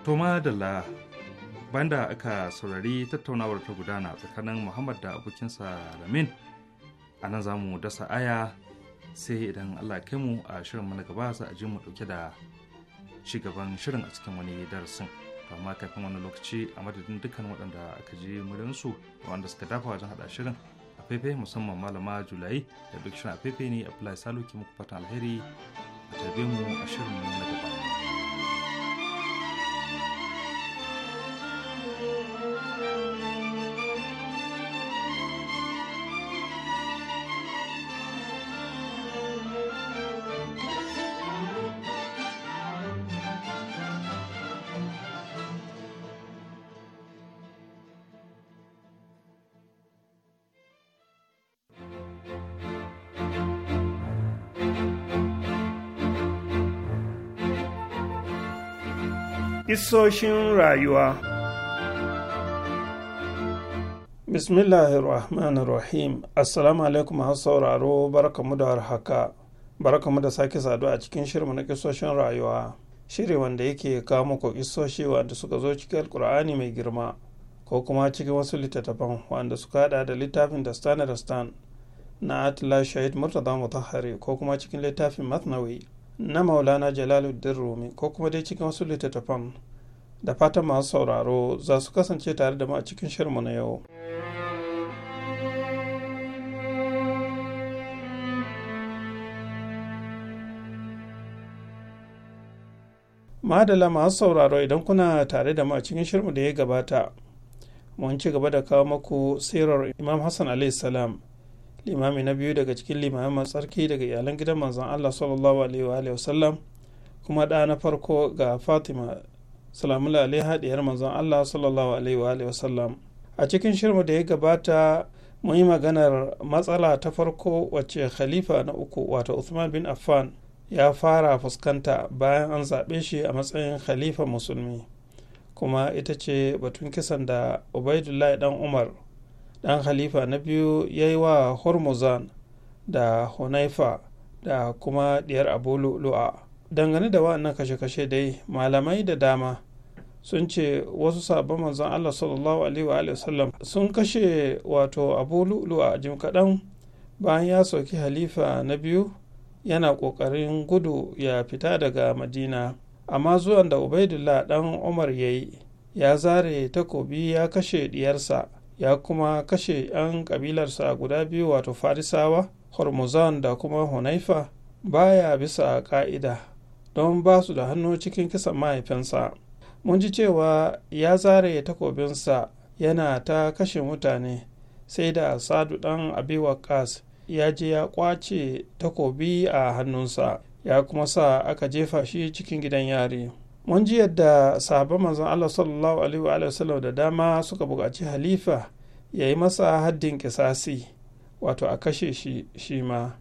S4: Toma Dalla banda aka saurari tattaunawar ta gudana tsakanin Muhammad da abokinsa Ramin a nan za mu dasa aya sai idan Allah kai mu a shirin mana gaba za a ji mu dauke da gaban shirin a cikin wani darasin amma kafin wani lokaci a madadin dukkan waɗanda aka je su wanda suka dafa wajen haɗa shirin a faifai musamman malama julai da duk shirin a faifai ne a salo ke muku fatan alheri a tarbe mu a shirin na gaba.
S8: Kissoshin rayuwa Bismillahirrahmanirrahim Assalamu alaikum masu sauraro barkamu da warhaka barkamu da sake saduwa a cikin shirin na kisoshin rayuwa shiri wanda yake kawo muku kisoshi wanda suka zo cikin alkur'ani mai girma ko kuma cikin wasu littattafan wanda suka hada da littafin da stan da stan na atila shahid murtaza mutahari ko kuma cikin littafin masnawi na maulana jalaluddin rumi ko kuma dai cikin wasu littattafan da fatan masu sauraro za su kasance tare da mu a cikin shirmu na yau. Madala masu sauraro idan kuna tare da mu a cikin shirmu da ya gabata, mun ci gaba da kawo maku sirar Imam Hassan salam limami na biyu daga cikin limamin tsarki daga iyalan gidan manzon Allah sallallahu alaihi wa sallam kuma ɗa na farko ga Fatima salamu alaihi haɗiyar manzon Allah sallallahu alaihi wa sallam a cikin shirmu da ya gabata mun yi maganar matsala ta farko wacce khalifa na uku wato Uthman bin Affan ya fara fuskanta bayan an zaɓe shi a matsayin khalifa musulmi kuma ita ce batun kisan da Ubaidullahi dan Umar dan khalifa na biyu ya yi wa Hormuzan da Hunaifa da kuma diyar Abu Lu'a dangane da waɗannan kashe-kashe dai malamai da dama sun ce wasu sabon manzon Allah sallallahu alaihi wa sallam sun kashe wato Abu a jim kaɗan bayan ya sauki halifa na biyu yana ƙoƙarin gudu ya fita daga Madina amma zuwan da Ubaidullah ɗan Umar ya yi ya zare takobi ya kashe diyarsa ya kuma kashe 'yan kabilarsa guda biyu wato Farisawa Hormuzan da kuma Hunaifa baya bisa ƙa'ida don ba su da hannu cikin kisan mahaifinsa. mun ji cewa ya zare takobinsa yana ta kashe mutane sai da sadu dan abiwakas ya je ya kwace takobi a hannunsa ya kuma sa aka jefa shi cikin gidan yari mun ji yadda sahabban manzon Allah sallallahu alaihi wa sallam da dama suka buƙaci halifa ya yi masa haddin kisasi wato a kashe shi shi ma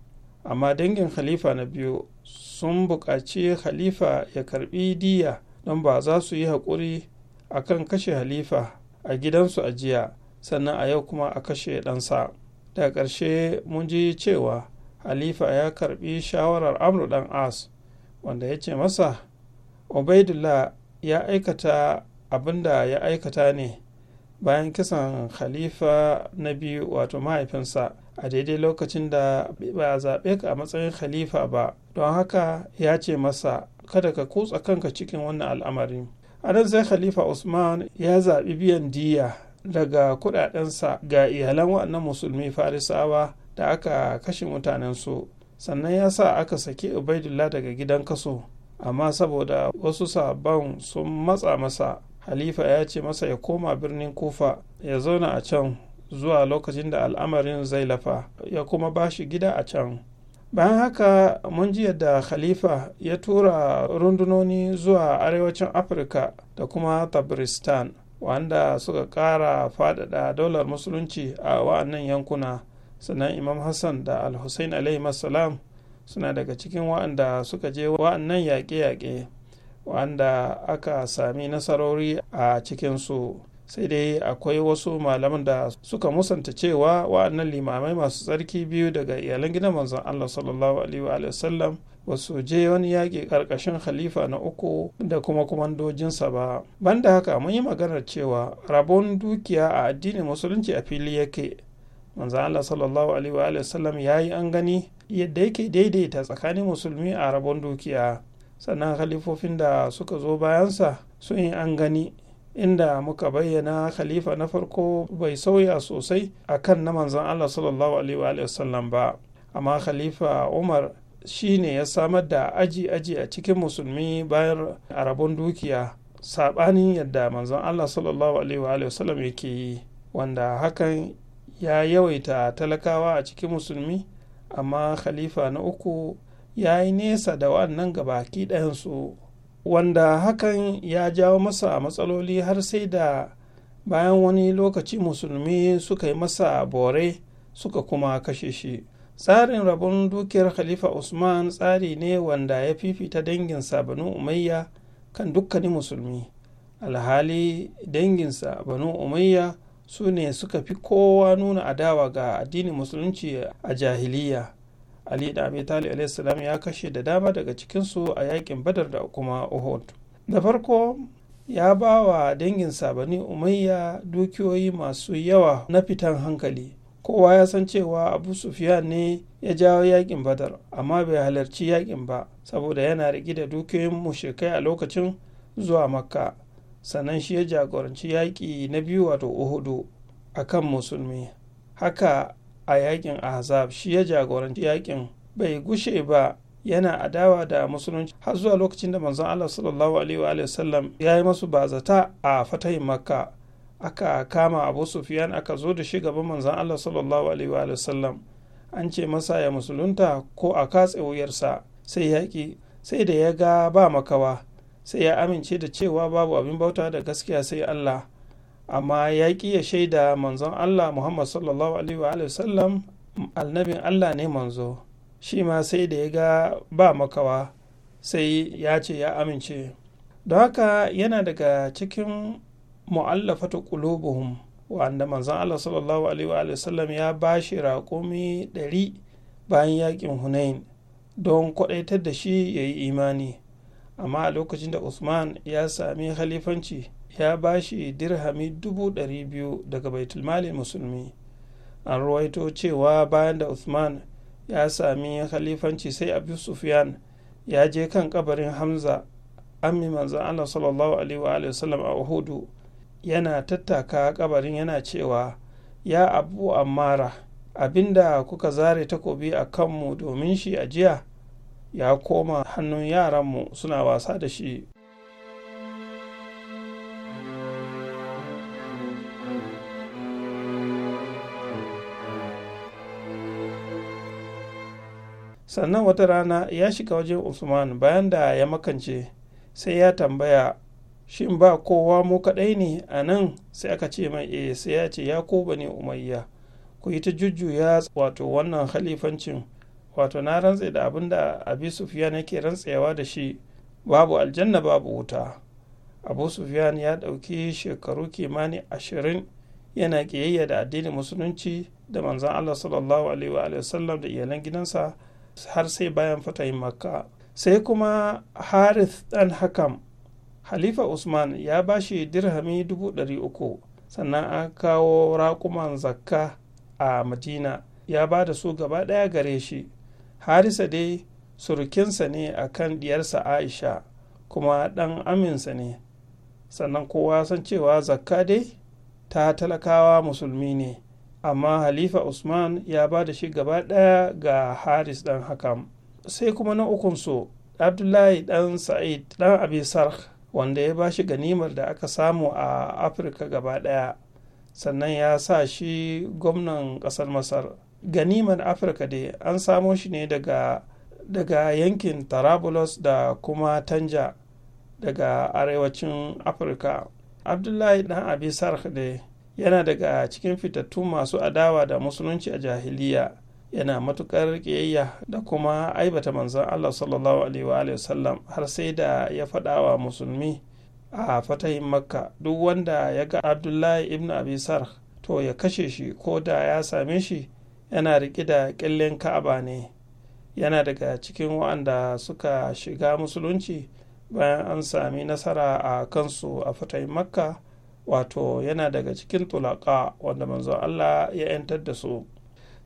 S8: amma dangin halifa na biyu sun buƙaci halifa ya karbi diya don ba za su yi haƙuri a kan kashe halifa a gidansu a jiya sannan a yau kuma a kashe ɗansa daga ƙarshe mun ji cewa halifa ya karɓi shawarar amru ɗan as wanda ya ce masa obaidula ya aikata abin da ya aikata ne bayan kisan halifa na biyu wato mahaifinsa a daidai lokacin da ba a zaɓe ka a matsayin halifa ba don haka ya ce masa kada ka kutsa kanka cikin wannan al'amarin. a nan sai khalifa usman ya zaɓi biyan diya daga kuɗaɗensa ga iyalan waɗannan musulmi farisawa da aka kashe mutanensu sannan ya sa aka saki ubaidullah daga gidan kaso amma saboda wasu sabon sun matsa masa halifa ya ce masa ya koma birnin kufa ya zauna a can zuwa lokacin da al'amarin zai lafa ya kuma ba shi gida a can bayan haka mun ji yadda khalifa ya tura rundunoni zuwa arewacin afirka da kuma tabristan wanda suka kara faɗaɗa daular musulunci a wa'annan yankuna sannan imam hassan da al-hussein salam suna daga cikin wa'anda suka je wa'annan yaƙe-yaƙe wa'anda aka sami nasarori a cikinsu sai dai akwai wasu malaman da suka musanta cewa wa'annan limamai masu tsarki biyu daga iyalan gidan manzon Allah sallallahu alaihi wa ba su je wani yaƙi ƙarƙashin khalifa na uku da kuma kumandojinsa ba banda haka mun yi maganar cewa rabon dukiya a addinin musulunci a fili yake manzon Allah sallallahu alaihi wa ya yi an gani yadda yake daidaita tsakanin musulmi a rabon dukiya sannan khalifofin da suka zo bayansa sun yi an gani inda muka bayyana khalifa na farko bai sauya sosai a kan na manzan Allah sallallahu alaihi wasallam ba amma khalifa umar shi ne ya samar da aji-aji a cikin musulmi bayan arabun dukiya saɓanin yadda manzan Allah sallallahu alaihi wasallam yake yi wanda hakan ya yawaita talakawa a cikin musulmi amma khalifa na uku ya yi nesa da wannan gabaki ɗayansu wanda hakan ya jawo masa matsaloli har sai da bayan wani lokaci musulmi suka yi masa bore suka kuma kashe shi tsarin rabon dukiyar khalifa usman tsari ne wanda ya fifita dangin banu umayya kan dukkanin musulmi alhali danginsa banu umayya su ne suka fi kowa nuna adawa ga addinin musulunci a jahiliya ali da abi talib alaihissalam ya kashe da dama daga cikinsu a yakin badar da kuma uhud da farko ya ba wa dangin sabani umayya dukiyoyi masu yawa na fitan hankali kowa ya san cewa abu sufiyan ne ya jawo yakin badar amma bai halarci yakin ba saboda yana riƙe da dukiyoyin mushrikai a lokacin zuwa makka sannan shi ya jagoranci yaƙi na biyu wato uhudu a kan musulmi haka a yakin ahzab shi ya jagoranci yakin bai gushe ba yana adawa da musulunci har zuwa lokacin da manzon Allah sallallahu alaihi wa sallam ya yi masu bazata a fatahin makka aka kama abu sufyan aka zo da shi gaban manzon Allah sallallahu alaihi wa sallam an ce masa ya musulunta ko a katse wuyarsa sai yaƙi sai da ya ga ba makawa sai ya amince da cewa babu abin bauta da gaskiya sai Allah amma ya ƙi ya shaida manzon Allah Muhammad sallallahu alaihi wa sallam annabin Allah ne manzo shi ma sai da ya ga ba makawa sai ya ce ya amince don haka yana daga cikin mu'allafatu qulubuhum wanda manzon Allah sallallahu alaihi wa sallam ya bashi raƙumi ɗari bayan yaƙin Hunain don kwaɗaitar da shi ya yi imani amma a lokacin da Usman ya sami khalifanci ya ba shi dirhami dubu daga baitulmali musulmi an ruwaito cewa bayan da usman ya sami khalifanci sai abu sufyan ya je kan kabarin hamza ammi manzan allah sallallahu alaihi wa a uhudu yana tattaka kabarin yana cewa ya abu ammara abinda kuka zare takobi a kanmu domin shi ajiya ya koma hannun yaranmu suna wasa da shi sannan wata rana ya shiga wajen usman bayan da ya makance sai ya tambaya shin ba kowa mu kaɗai ne a nan sai aka ce mai e sai ya ce ya ko bane umayya ku yi ta jujjuya wato wannan halifancin wato na rantse da abin da abi sufiyan yake rantsewa da shi babu aljanna babu wuta abu sufiyan ya ɗauki shekaru kimanin ashirin yana ƙiyayya da addinin musulunci da manzan allah sallallahu alaihi wa sallam da iyalan gidansa har sai bayan fatayin makka sai kuma harith dan hakam halifa usman ya ba shi dirhami uku. sannan an kawo raƙuman zakka a madina ya ba da su gaba ɗaya gare shi harisa dai surukinsa ne a kan diyarsa aisha kuma ɗan aminsa ne sannan kowa san cewa zakka dai ta talakawa musulmi ne amma halifa usman ya ba da shi gaba ɗaya ga haris ɗan hakam sai kuma na ukunsu abdullahi ɗan sa'id ɗan abisar wanda ya ba shi ganimar da aka samu a afirka gaba ɗaya sannan ya sa shi gwamnan ƙasar masar ganimar afirka dai an samo shi ne daga daga yankin tarabulos da kuma tanja daga arewacin afirka abdullahi ɗan abisar dai. yana daga cikin fitattun masu adawa da musulunci a jahiliya yana matukar ƙiyayya da kuma aibata manzon Allah sallallahu alaihi sallam har sai da ya faɗa wa musulmi a fatahin makka duk wanda ya ga abdullahi ibn abisar to ya kashe shi ko da ya same shi yana riƙe da ƙyallen ka'aba ne yana daga cikin wa'anda suka shiga musulunci bayan an sami nasara a kansu a fatahin makka wato yana daga cikin tulaka wanda manzo Allah ya 'yantar da su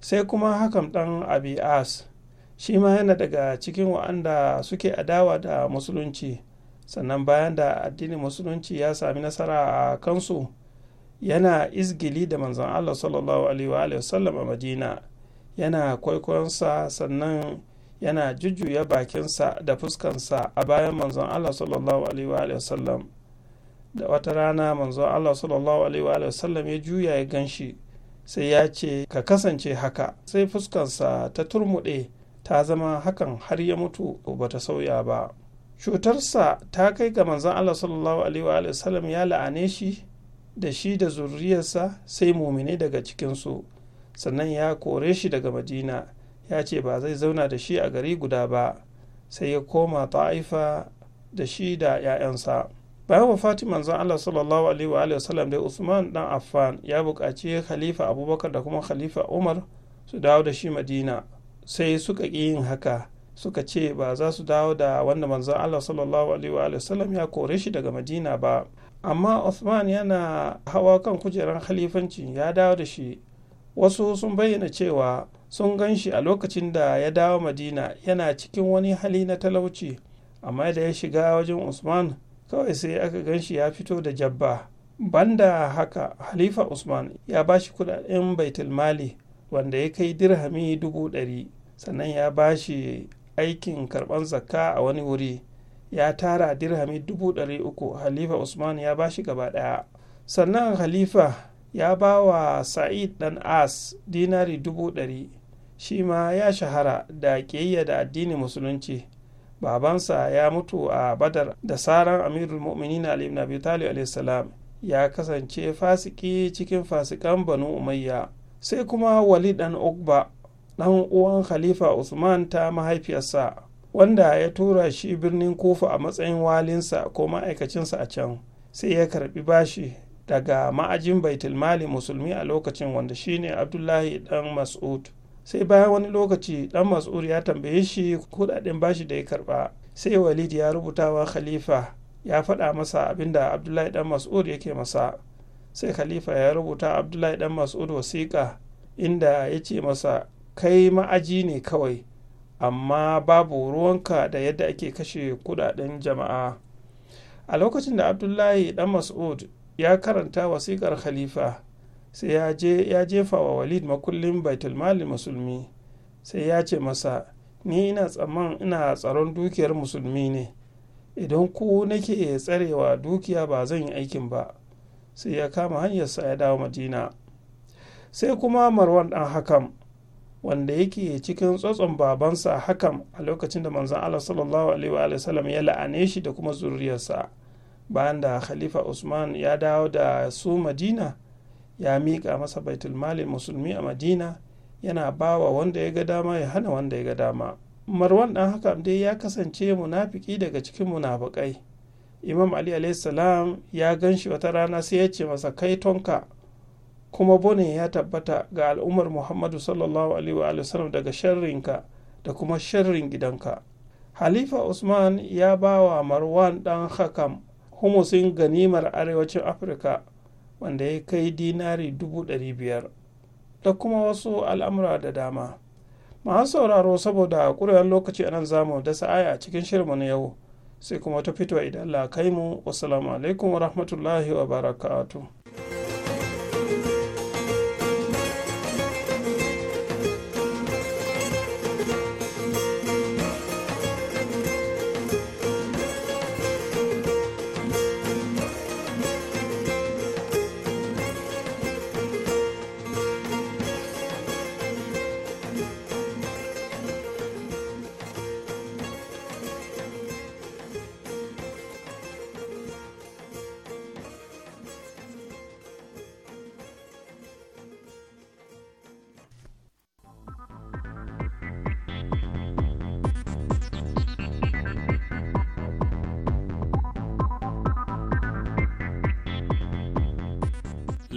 S8: sai kuma hakan ɗan abi'as shi ma yana daga cikin wa'anda suke adawa da musulunci sannan bayan da addinin musulunci ya sami nasara a kansu yana izgili da manzon Allah sallallahu alaihi wasallam a madina yana kwaikwayonsa sannan yana jujjuya bakinsa da fuskansa a bayan manzon Allah sallallahu alaihi wasallam da wata rana manzo Allah sallallahu alaihi wa sallam ya juya ya ganshi sai ya ce ka kasance haka sai fuskarsa ta turmuɗe ta zama hakan har ya mutu bata sauya ba cutarsa ta kai ga manzon Allah sallallahu alaihi wa sallam ya la'ane shi da shi da zuriyarsa sai mumine daga cikinsu sannan ya kore shi daga madina ya ce ba zai zauna da shi a gari guda ba sai ya koma ta'ifa da shi da 'ya'yansa bayan wafatin manzon Allah sallallahu alaihi wa wasallam dai Usman dan Affan ya buƙaci Khalifa Abubakar da kuma Khalifa Umar su dawo da shi Madina sai suka ƙi yin haka suka ce ba za su dawo da wanda manzon Allah sallallahu alaihi wa wasallam ya kore shi daga Madina ba amma Usman yana hawa kan kujerar khalifanci ya dawo da shi wasu sun bayyana cewa sun gan shi a lokacin da ya dawo Madina yana cikin wani hali na talauci amma da ya shiga wajen Usman kawai sai aka gan shi ya fito da jabba banda haka halifa usman ya ba shi kudaden baitulmali wanda ya kai dirhami dubu ɗari sannan ya ba shi aikin karban zakka a wani wuri ya tara dirhami dubu ɗari uku halifa usman ya ba shi gaba ɗaya sannan halifa ya ba wa sa'id dan as dinari dubu ɗari shi ma ya shahara da ƙiyayya da addinin musulunci babansa ya mutu a badar da saran amirul mu'minin ali ibn abi talib salam ya kasance fasiki cikin fasikan banu umayya sai kuma wali dan ugba dan uwan khalifa usman ta mahaifiyarsa wanda ya tura shi birnin kofa a matsayin walinsa ko ma'aikacinsa a can sai ya karbi bashi daga ma'ajin baitulmali musulmi a lokacin wanda shine abdullahi dan mas'ud sai bayan wani lokaci dan mas'ud ya tambaye shi kudaden bashi da ya karba sai walid ya rubuta wa khalifa ya faɗa masa abinda abdullahi dan mas'ud yake masa sai khalifa ya rubuta abdullahi dan mas'ud wasiƙa inda ya ce masa kai ma'aji ne kawai amma babu ruwanka da yadda ake kashe kudaden jama'a a lokacin da abdullahi dan mas'ud ya karanta wasiƙar khalifa sai ya jefa wa walid makullin baitulmali musulmi sai ya ce masa ni ina tsamman ina tsaron dukiyar musulmi ne idan ku nake tsarewa dukiya ba zan yi aikin ba sai ya kama hanyarsa ya dawo madina sai kuma marwan dan hakam wanda yake cikin tsotson babansa hakam a lokacin da manzan allah sallallahu alaihi wa sallam ya la'ane shi da kuma zuriyarsa bayan da khalifa usman ya dawo da su madina ya miƙa masa baitulmalin musulmi a madina yana bawa wanda ya ga dama ya hana wanda ya ga dama marwan ɗan haka dai ya kasance munafiki daga cikin munafukai imam ali salam ya gan shi wata rana sai ya ce masa kai tonka kuma bone ya tabbata ga al'ummar muhammadu sallallahu alaihi wa sallam daga sharrinka da kuma sharrin gidanka halifa usman ya ba wa marwan ɗan hakam humusin ganimar arewacin afirka wanda ya kai dinari dubu ɗari biyar da kuma wasu al'amura da dama masu sauraro saboda ƙuriyar lokaci a nan zamu da sa'aya a cikin shirinmu na yau sai kuma ta fito idan la kai mu wasu alaikum wa rahmatullahi wa barakatuh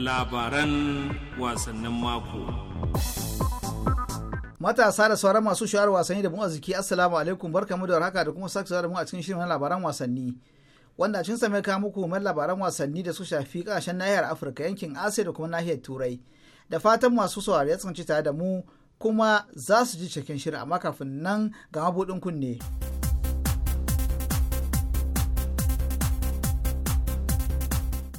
S4: labaran wasannin mako.
S3: Matasa da sauran masu shawar wasanni da arziki Assalamu alaikum barkamu da haka da kuma sake da mu a cikin shirin labaran wasanni. Wanda cin sa mai kawo muku mai labaran wasanni da su shafi kashen nahiyar Afirka yankin Asiya da kuma nahiyar Turai. Da fatan masu sauraro ya tsinci tare da mu kuma za su ji cikin shirin amma kafin nan ga mabuɗin kunne.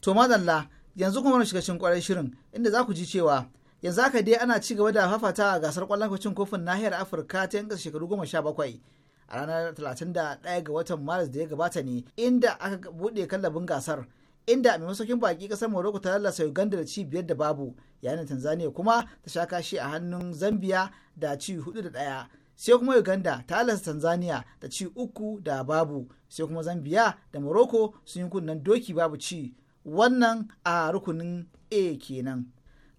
S3: To madalla yanzu kuma na shiga cikin kwarai shirin inda za ku ji cewa yanzu aka dai ana ci gaba da fafata a gasar kwallon kwacin kofin nahiyar afirka ta yanka shekaru goma sha bakwai a ranar talatin da ɗaya ga watan maris da ya gabata ne inda aka buɗe kallabin gasar inda mai masaukin baki kasar morocco ta lallasa uganda da ci biyar da babu yayin tanzania kuma ta sha kashi a hannun zambia da ci hudu da ɗaya sai kuma uganda ta halasta tanzania da ci uku da babu sai kuma zambia da morocco sun yi kunnen doki babu ci wannan a rukunin a kenan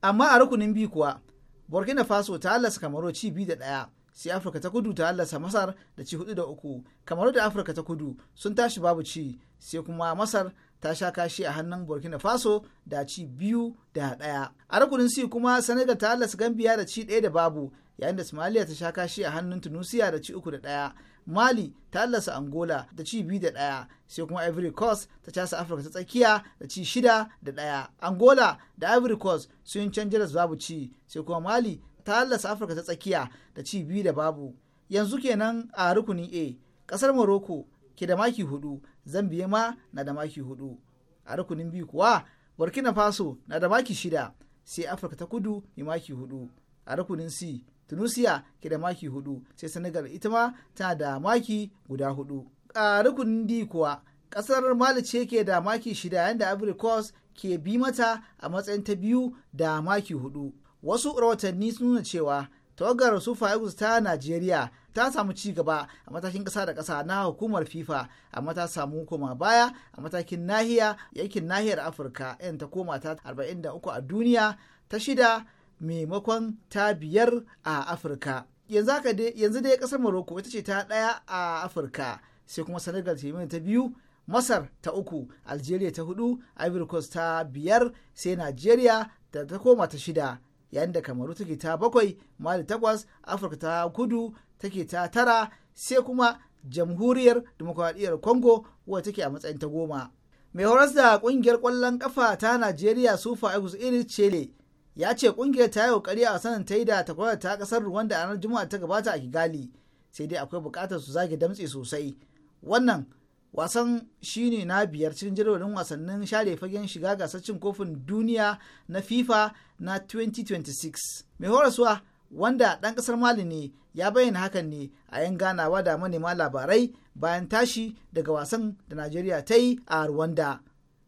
S3: amma a rukunin b kuwa burkina faso ta halasa kamaru ci bi da ɗaya sai afirka ta kudu ta halasa masar da ci hudu da uku kamaru da afirka ta kudu sun tashi babu ci sai kuma masar ta sha kashi a hannun burkina faso da ci biyu da ɗaya a rukunin c kuma senegal ta halasa gambia da ci ɗaya da babu yayin da somalia ta sha kashi a hannun tunisia da ci uku da ɗaya mali ta lasa angola da ci biyu da ɗaya sai kuma ivory coast ta casa afirka ta tsakiya da ci shida da ɗaya angola da ivory coast sun canji da babu ci sai kuma mali ta lasa afirka ta tsakiya da ci biyu da babu yanzu kenan a rukunin a ƙasar morocco ke da maki hudu zambia ma na da maki hudu a rukunin b kuwa burkina faso na da maki shida sai afirka ta kudu mai maki hudu a rukunin c tunisia ke da maki hudu sai senegal ita ma tana da maki guda hudu a rukunin d kuwa kasar mali ce ke da maki shida yayin da ivory coast ke bi mata a matsayin ta biyu da maki hudu wasu rahotanni sun nuna cewa tawagar sufa eagles ta najeriya ta samu ci gaba a matakin kasa da kasa na hukumar fifa amma ta samu koma baya a matakin nahiya yankin nahiyar afirka yan ta koma ta 43 a duniya ta shida maimakon ta biyar a afirka yanzu dai kasar morocco ita ce ta ɗaya a afirka sai kuma senegal ce ta biyu masar ta uku algeria ta hudu ivory coast ta biyar sai nigeria da ta koma ta shida yayin da kamaru take ta bakwai mali takwas afirka ta kudu take ta tara sai kuma jamhuriyar demokuraɗiyyar congo wadda take a matsayin ta goma mai horas da kungiyar ƙwallon kafa ta najeriya sufa eagles chele ya ce kungiyar ta yi kokari a sanin ta yi da takwarar ta kasar Rwanda a ranar Juma'a ta gabata a Kigali sai dai akwai bukatar su zage damtse sosai wannan wasan shine na biyar cikin jadawalin wasannin share fagen shiga gasar cin kofin duniya na FIFA na 2026 mai horaswa wanda ɗan ƙasar Mali ne ya bayyana hakan ne a yan ganawa da manema labarai bayan tashi daga wasan da Najeriya ta yi a Rwanda.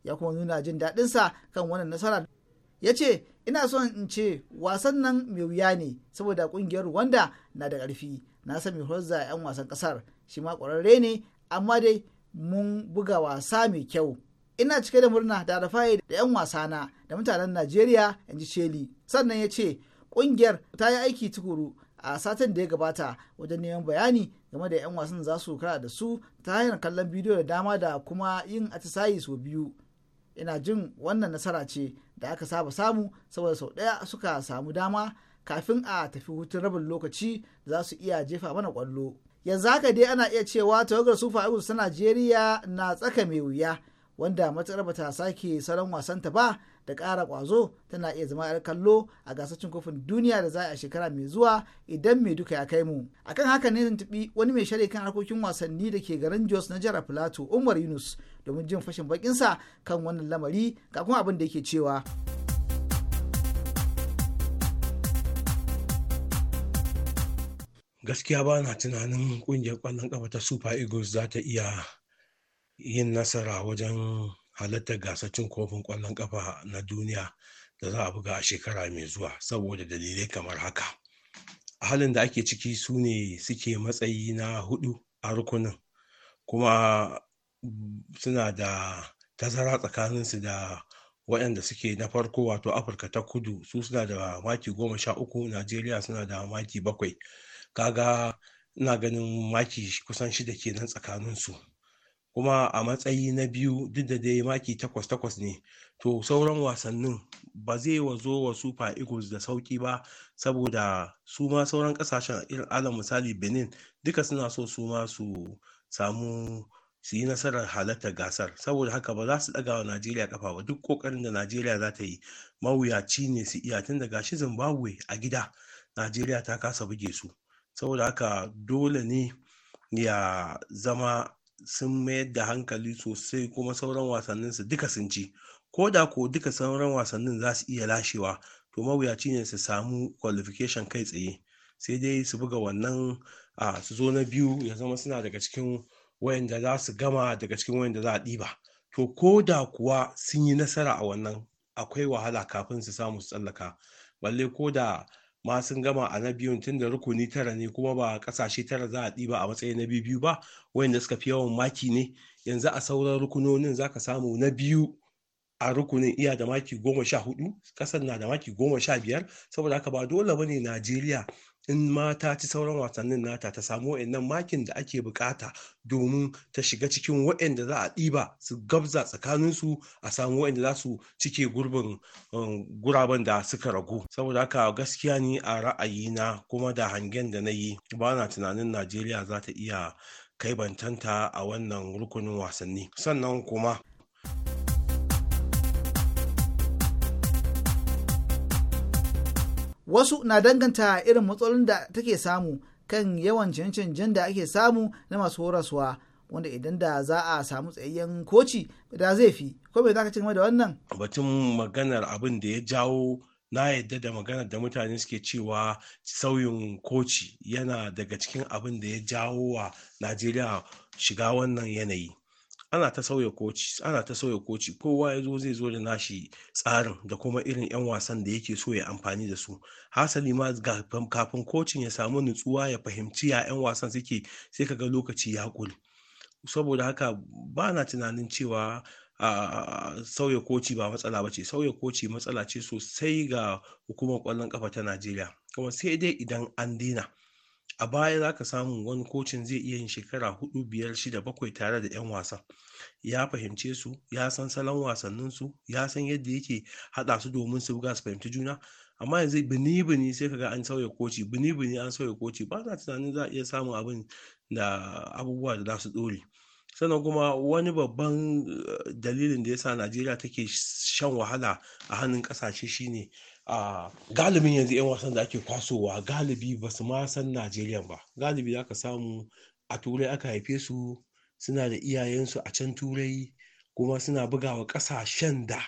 S3: Ya kuma nuna jin daɗinsa kan wannan nasara. Ya ce ina son in ce wasan nan mai wuya ne saboda kungiyar wanda na da ƙarfi na san mai horza 'yan wasan ƙasar shi ma ƙwararre ne amma dai mun buga wasa mai kyau ina cike da murna da rafaye da 'yan wasa na da mutanen najeriya in ji sheli sannan ya ce kungiyar ta yi aiki tukuru a satin da ya gabata wajen neman bayani game da 'yan wasan za su kara da su ta hanyar kallon bidiyo da dama da kuma yin atisayi sau biyu ina jin wannan nasara ce da aka saba samu saboda sau ɗaya suka samu dama kafin a tafi hutun rabin lokaci za su iya jefa mana ƙwallo. Yanzu haka dai ana iya cewa tawagar Sufa ta Najeriya na tsaka mai wuya wanda matsalar ba ta sake salon wasanta ba da ƙara ƙwazo tana iya zama 'yar kallo a gasar cin kofin duniya da za a shekara mai zuwa idan mai duka ya kai mu akan haka ne tuntubi wani mai shari'a kan harkokin wasanni da ke garin jos na jihar plateau umar yunus domin jin fashin bakinsa kan wannan lamari ga kuma abin da yake cewa
S9: gaskiya ba na tunanin kungiyar kwallon kafa ta super eagles za ta iya yin nasara wajen halartar gasar kofin ƙwallon ƙafa na duniya da za a buga a shekara mai zuwa saboda dalilai kamar haka a halin da ake ciki su ne suke matsayi na hudu a rukunin kuma suna da tazara tsakaninsu da waɗanda suke na farko wato afirka ta kudu su suna da maki goma sha uku najeriya suna da maki bakwai kaga ina ganin maki kusan shida kenan tsakaninsu kuma a matsayi na biyu duk da dai maki takwas takwas ne to sauran wasannin ba zai wazo wa super eagles da sauki ba saboda su ma sauran kasashen irin alam misali benin duka suna so su ma su samu su yi nasarar halartar gasar saboda haka ba za su daga wa najeriya kafa ba duk kokarin da najeriya za ta yi mawuyaci ne su iya tun daga shi zimbabwe a gida najeriya ta kasa buge su saboda haka dole ne ya zama sun mayar da hankali sosai kuma sauran wasannin su duka sun ci ko da ko duka sauran wasannin za su iya lashewa to mawuyaci ne su samu qualification kai tsaye sai dai su buga wannan a su zo na biyu ya zama suna daga cikin wayanda za su gama daga cikin wayanda za a ɗiba to ko da kuwa sun yi nasara a wannan akwai wahala kafin su samu su tsallaka balle ko da ma sun gama a na biyun tun da rukuni tara ne kuma ba kasashe tara za a ɗiba a matsayin na biyu biyu ba wayanda suka fi yawan maki ne yanzu a sauran rukunonin za ka samu na biyu a rukunin iya da maki goma sha hudu kasar na da maki goma sha biyar saboda haka ba dole bane najeriya in mata ta ci sauran wasannin nata ta samu wa'annan makin da ake bukata domin ta shiga cikin wa'anda za a ɗiba su gabza tsakanin su a samu wa'anda za su cike gurbin um, guraben da suka ragu saboda haka gaskiya ni a ra'ayi na kuma da hangen da na yi ba na tunanin najeriya za ta iya kai bantanta a wannan rukunin wasanni sannan kuma
S3: wasu na danganta irin matsalolin da take samu kan yawan canje-canjen da ake samu na masu horaswa wanda idan da za a samu tsayayyen koci da zai fi ko bai zaka cigaba da wannan
S9: batun maganar abin da ya jawo na yadda da maganar da mutane suke cewa sauyin koci yana daga cikin abin da ya jawo wa najeriya shiga wannan yanayi ana ta sauya koci ana ta sauya koci kowa ya zo zai zo da nashi tsarin da kuma irin 'yan wasan da yake so ya amfani da su hasali ma kafin kocin ya samu nutsuwa ya fahimci ya 'yan wasan suke sai ka ga lokaci ya kuli saboda haka ba na tunanin cewa a sauya koci ba matsala ba ce sauya koci matsala ce sosai ga hukumar kwallon kafa ta najeriya kuma sai dai idan an dina a baya za ka samu wani kocin zai iya yin shekara hudu biyar shida bakwai tare da 'yan wasan, ya fahimce su ya san salon wasannin su ya san yadda yake hada su domin su buga su fahimci juna amma yanzu bini-bini sai kaga an sauya koci bini-bini an sauya koci ba za tunanin za a iya samun abin da abubuwa da za su dore sannan kuma wani babban eh, dalilin da yasa najeriya take shan wahala a hannun kasashe shine a galibin yanzu 'yan wasan da ake kwasowa galibi ba su ma san najeriya ba galibi za ka samu a turai aka haife su suna da iyayensu a can turai kuma suna bugawa kasashen da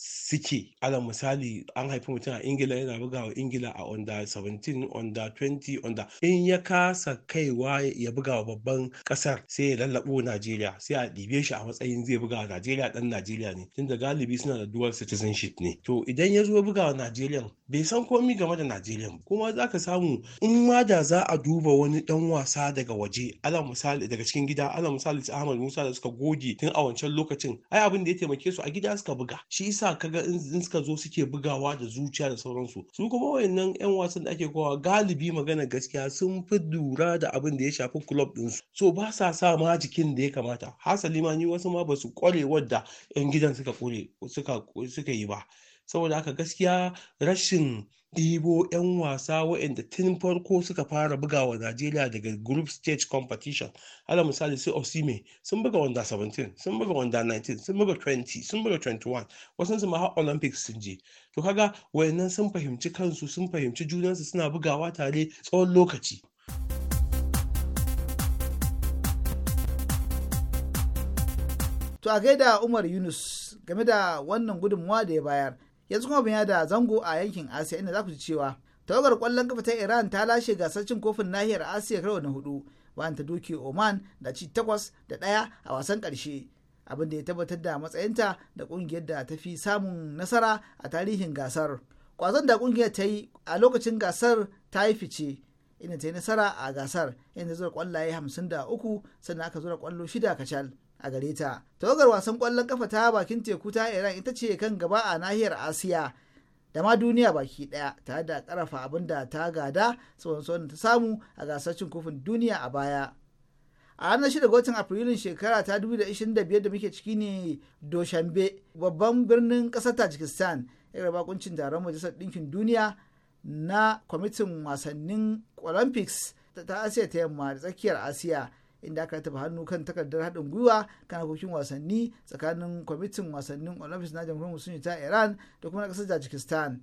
S9: suke ala misali an haifi mutum a ingila yana buga wa ingila a onda 17 onda 20 onda in ya kasa kaiwa ya buga wa babban kasar sai ya lallabo najeriya sai a ɗibe shi a matsayin zai buga wa najeriya dan najeriya ne tunda galibi suna da dual citizenship ne to idan ya zo buga wa najeriya bai san komi game da najeriya kuma za ka samu in ma da za a duba wani dan wasa daga waje ala misali daga cikin gida ala misali ahmad musa da suka goge tun a wancan lokacin ai abin da ya taimake su a gida suka buga shi yasa. sa kaga in suka zo suke bugawa da zuciya da sauransu su kuma wayannan yan wasan da ake kowa galibi magana gaskiya sun fi dura da abin da ya shafi club din su so ba sa sa ma jikin da ya kamata hasali ma ni wasu ma ba su kware wadda yan gidan suka kore suka yi ba saboda haka gaskiya rashin ɗibo 'yan wasa waɗanda tun farko suka fara buga wa Najeriya daga group stage competition ala misali sai Osime sun buga wanda 17 sun buga wanda 19 sun buga 20 sun buga 21 wasu sun ma har Olympics sun je to kaga wayannan sun fahimci kansu sun fahimci junansu suna bugawa tare tsawon lokaci
S3: to a gaida Umar Yunus game da wannan gudunmuwa da ya bayar yanzu kuma bin da zango a yankin asiya inda za ku ji cewa tawagar kwallon kafa ta iran ta lashe gasar cin kofin nahiyar asiya karo na hudu bayan ta doke oman da ci takwas da ɗaya a wasan karshe abin da ya tabbatar da matsayinta da kungiyar da ta fi samun nasara a tarihin gasar kwazon da ƙungiyar ta yi a lokacin gasar ta yi fice inda ta yi nasara a gasar inda zura kwallaye hamsin da uku sannan aka zura kwallo shida kacal a gare ta tawagar wasan kwallon kafa ta bakin teku ta iran ita ce kan gaba a nahiyar asiya da ma duniya baki ɗaya ta da karafa abin da ta gada sauran ta samu a gasar cin kofin duniya a baya a ranar shida watan afrilun shekara ta 2025 da muke ciki ne doshambe babban birnin ƙasar tajikistan ya bakuncin taron majalisar ɗinkin duniya na kwamitin wasannin olympics ta asiya ta yamma da tsakiyar asiya inda aka taba hannu kan takardar haɗin gwiwa kan harkokin wasanni tsakanin kwamitin wasannin olympics na jamhuriyar musulmi ta iran da kuma na ƙasar tajikistan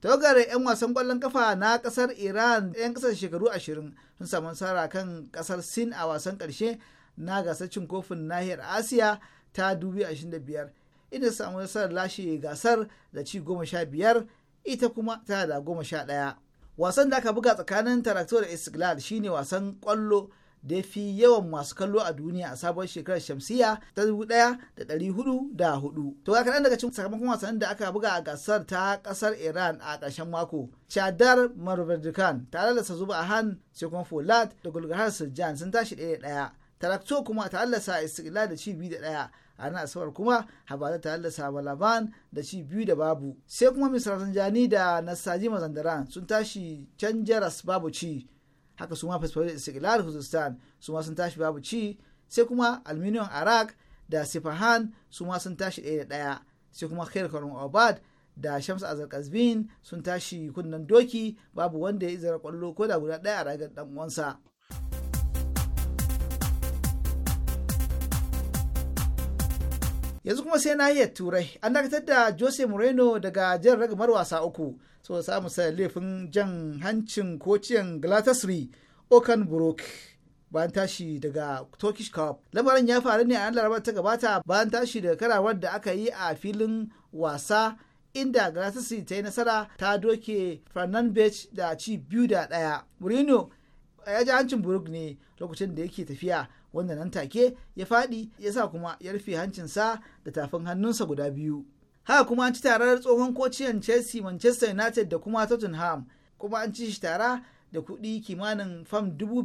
S3: tawagar 'yan wasan ƙwallon kafa na ƙasar iran 'yan ƙasar shekaru ashirin sun samu nasara kan ƙasar sin a wasan ƙarshe na gasar cin kofin nahiyar asiya ta biyar inda samu nasarar lashe gasar da ci goma sha biyar ita kuma ta da goma sha ɗaya wasan da aka buga tsakanin tarakto da istiklal shine wasan kwallo. da fi yawan masu kallo a duniya a sabon shekarar shamsiya ta dubu daya da dari hudu da hudu. To ga kaɗan daga cikin sakamakon wasannin da aka buga a gasar ta ƙasar Iran a ƙarshen mako. Chadar ta tare zuba a Ahan sai kuma Folat da Gulgahar Sirjan sun tashi ɗaya da ɗaya. Tarakto kuma ta allasa Istiklal da ci biyu da ɗaya. a nan asabar kuma habata ta hallasa balaban da ci biyu da babu sai kuma misra sanjani da nasaji mazandaran sun tashi can babu ci haka su ma fasfawar da su ma sun tashi babu ci sai kuma alminiyon arak da sifahan su ma sun tashi ɗaya da ɗaya sai kuma khair karun obad da shams azar kazbin sun tashi kunnen doki babu wanda ya izara kwallo ko da guda ɗaya a ragar ɗan uwansa. yanzu kuma sai na yi turai an dakatar da jose moreno daga jan ragamar wasa uku so samu sa laifin jan hancin kociyan galatasaray okan brook bayan tashi daga turkish cup lamarin ya faru ne a laraba ta gabata bayan tashi daga karawar da aka yi a filin wasa inda galatasaray ta yi nasara ta doke fernandes da ci biyu da ɗaya mourinho ya ji hancin brook ne lokacin da yake tafiya wanda nan take ya faɗi ya sa kuma ya rufe hancinsa da tafin hannunsa guda biyu. Haka kuma an ci tarar tsohon kociyan Chelsea Manchester United da kuma Tottenham kuma an ci shi tara da kuɗi kimanin fam dubu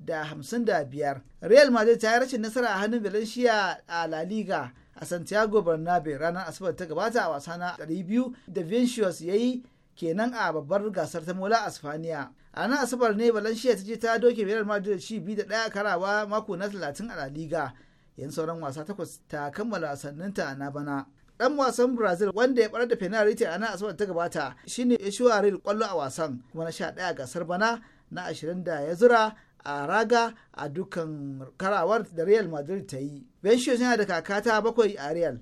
S3: da hamsin da biyar. Real Madrid ta yi rashin nasara a hannun Valencia a La Liga a Santiago Bernabe ranar Asabar ta gabata a wasa na ɗari da Vinicius ya yi kenan a babbar gasar ta Mola a Spaniya. a nan asabar ne valencia ta je ta doke real madrid shi biyu da ɗaya karawa mako na talatin a la liga yan sauran wasa takwas ta kammala wasanninta na bana dan wasan brazil wanda ya barar da penalty a nan asabar ta gabata shine ril kwallo a wasan kuma na sha ɗaya gasar bana na ashirin da ya zura a raga a dukkan karawar da real madrid ta yi bencio yana da kaka ta bakwai a real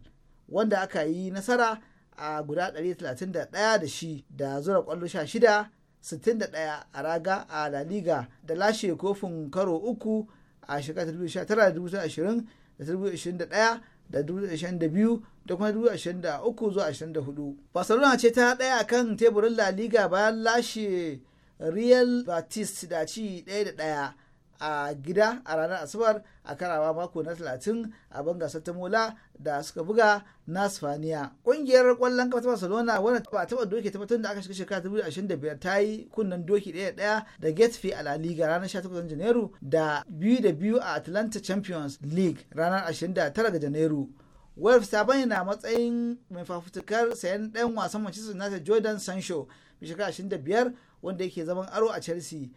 S3: wanda aka yi nasara a guda 131 da shi da zura kwallo 16 61 a raga a La Liga da lashe kofin karo uku a shekarar 2019 da 2021 da 2022 da kuma 2023 zuwa 24. Barcelona ce ta daya kan teburin La Liga bayan lashe Real Batiste da ci ɗaya da daya. a gida a ranar asabar a karawa mako na 30 a bangasar ta mola da suka buga na Sifaniya, ƙungiyar ƙwallon kafa ta barcelona wanda ba taɓa doki ta tun da aka shiga shekara 2025 ta yi kunnen doki ɗaya ɗaya da getafe a la liga ranar 18 janairu da biyu da biyu a atlanta champions league ranar 29 ga janairu Wolves ta bayyana matsayin mai fafutukar sayan dan wasan Manchester United Jordan Sancho mai shekara 25 wanda yake zaman aro a Chelsea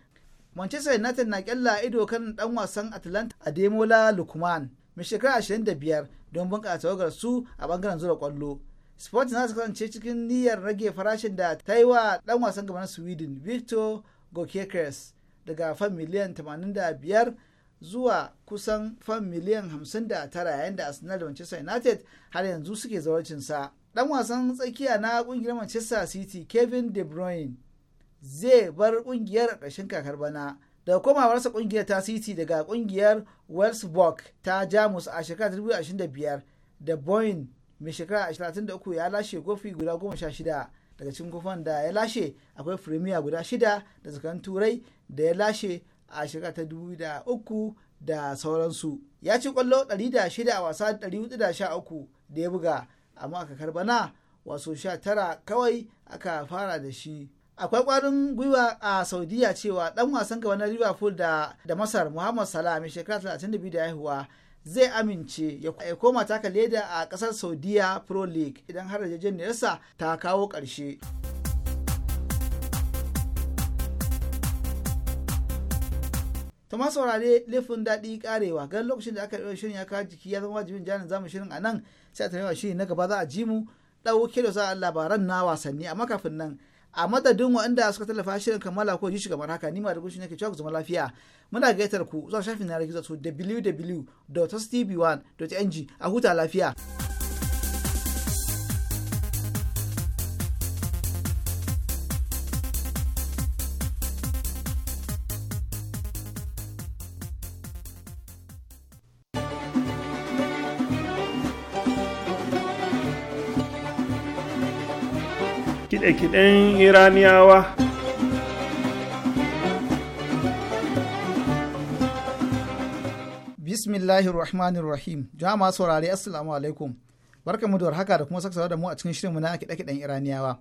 S3: manchester united na kyalla ido kan dan wasan atlanta a demola lukman mai shekara 25 don bunƙasa tawagar su a bangaren zura kwallo Sports na kasance cikin niyyar rage farashin da ta yi wa dan wasan gaban sweden victor gokekers daga fan miliyan 85 zuwa kusan fan miliyan 59 yayin da arsenal da manchester united har yanzu suke zawarcinsa dan wasan tsakiya na ƙungiyar manchester city kevin de bruyne zai bar kungiyar ƙarshen kakar bana daga komawarsa kungiyar ta city daga kungiyar Wellsburg ta jamus a shekara 2025 da boeing mai shekara 33 ya lashe kofi guda 16 daga cikin kofan da ya lashe akwai premier guda 6 da tsakanin turai da ya lashe a shekara ta 2003 da sauransu ya ci kwallo 106 a wasa 413 da ya buga amma a kakar bana wasu 19 kawai aka fara da shi akwai kwarin gwiwa a saudiya cewa dan wasan gaba na liverpool da, da masar muhammad salah mai shekara 32 da haihuwa zai amince ya koma taka leda a kasar saudiya pro league idan har yarsa ta kawo karshe Ta ma saurare laifin daɗi karewa gan lokacin da aka yi shirin ya kawo jiki ya zama wajibin janin zamu shirin a nan sai a tafi shirin na gaba za a ji mu ɗauke da za a labaran na wasanni amma kafin nan a madadin waɗanda suka tallafa shirin kammala ko ji shugaban haka ni da gushi nake cewa ku zama lafiya muna gayyatar ku zuwa shafin na zato www.tv1.ng a huta lafiya.
S8: kide-kiden iraniyawa
S3: bismillahir rahmanir rahim jama'a saurare assalamu alaikum mu da warhaka da kuma saksawa da mu a cikin mu na kide-kiden iraniyawa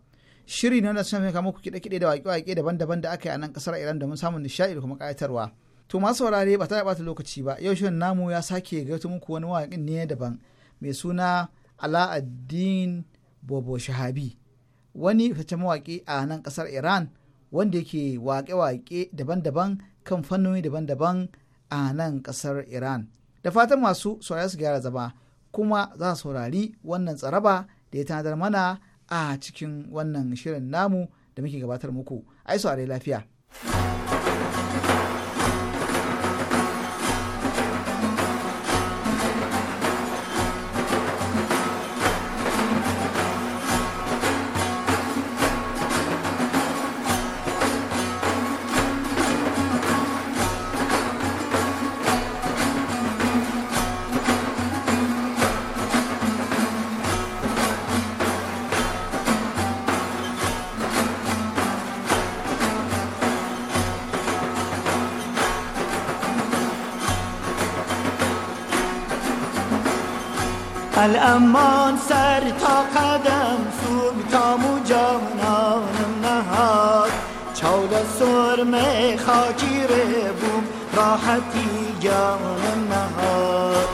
S3: shiri ne wanda sun fi kamar ku kiɗe-kiɗe da waƙe-waƙe daban-daban da aka yi a nan kasar iran domin samun nishadi da kuma ƙayatarwa to masu saurare ba ta bata lokaci ba yau shirin namu ya sake gaito muku wani waƙin ne daban mai suna ala'addin bobo shahabi wani fitaccen mawaƙi a nan ƙasar iran wanda yake waƙe-waƙe daban-daban kan fannoni daban-daban a nan ƙasar iran da fatan masu saurari su gyara zama kuma za su saurari wannan tsaraba da ya tanadar mana a cikin wannan shirin namu da muke gabatar muku ai saurari lafiya.
S10: الامان سر تا قدم سوگ مو جانانم نهاد چود سرمه خاکی ره بوم راحتی جانم نهاد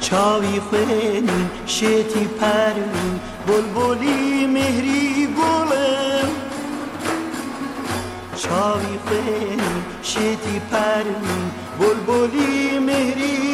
S10: چاوی خونی شتی پرو بلبلی مهری گلم چاوی خیلی شدی پرمی بلبلی مهری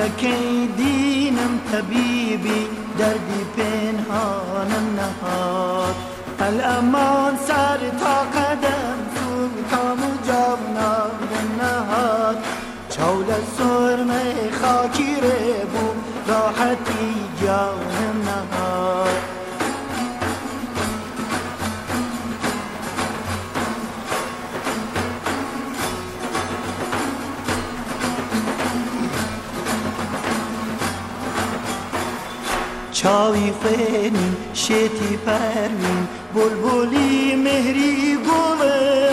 S10: دەکەی دینم تەبی چاوی خوینیم شیتی پروین بلبلی مهری گوه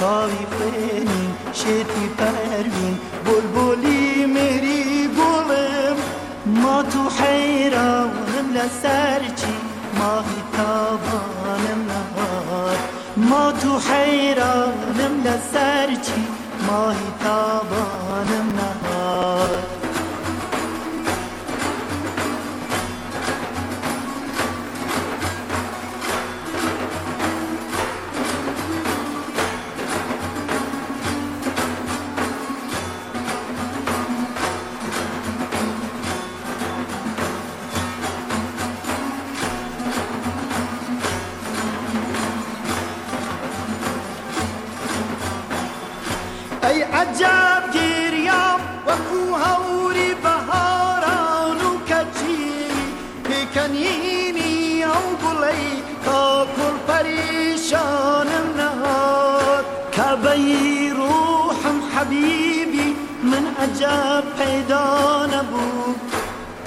S10: چاوی خوینیم شیتی پروین بلبلی مهری گوه ما تو حیرانم لسرچی ماهی تابانم نهار ما تو حیرانم لسرچی ماهی تابانم نهار شیرینی او گلی تا گل پریشانم نهاد کعبه روحم حبیبی من عجب پیدا نبود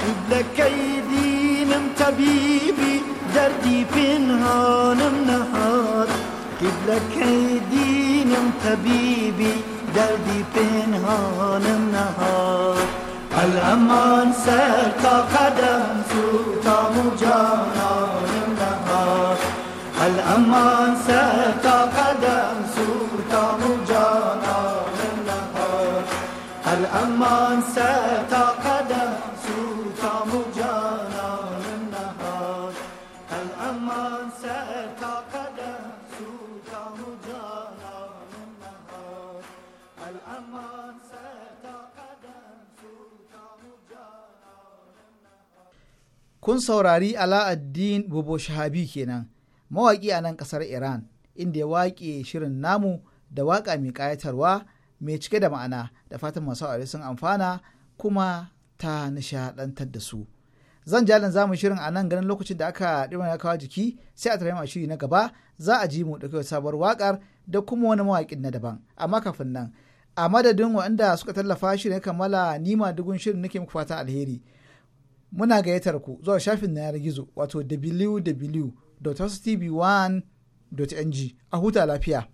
S10: قبلکی دینم طبیبی دردی پنهانم نهاد که دینم طبیبی دردی پنهانم نهاد الأمان سرتا قدم سوتا مجانا النهار الأمان سرتا قدم سوتا مجانا النهار الأمان سرتا
S3: kun saurari ala'addin bobo shahabi kenan mawaƙi a nan ƙasar iran inda ya waƙe shirin namu da waƙa mai ƙayatarwa mai cike da ma'ana da fatan masu aure sun amfana kuma ta nishaɗantar da su zan jalin mu shirin a nan ganin lokacin da aka ɗiban ya kawo jiki sai a a shiri na gaba za a ji mu ɗauke sabuwar waƙar da kuma wani mawaƙin na daban amma kafin nan a madadin waɗanda suka tallafa shirin kammala nima dugun shirin nake muku fata alheri muna gayyatar ku zuwa shafin na yanar gizo wato wwwtv 1ng a huta lafiya.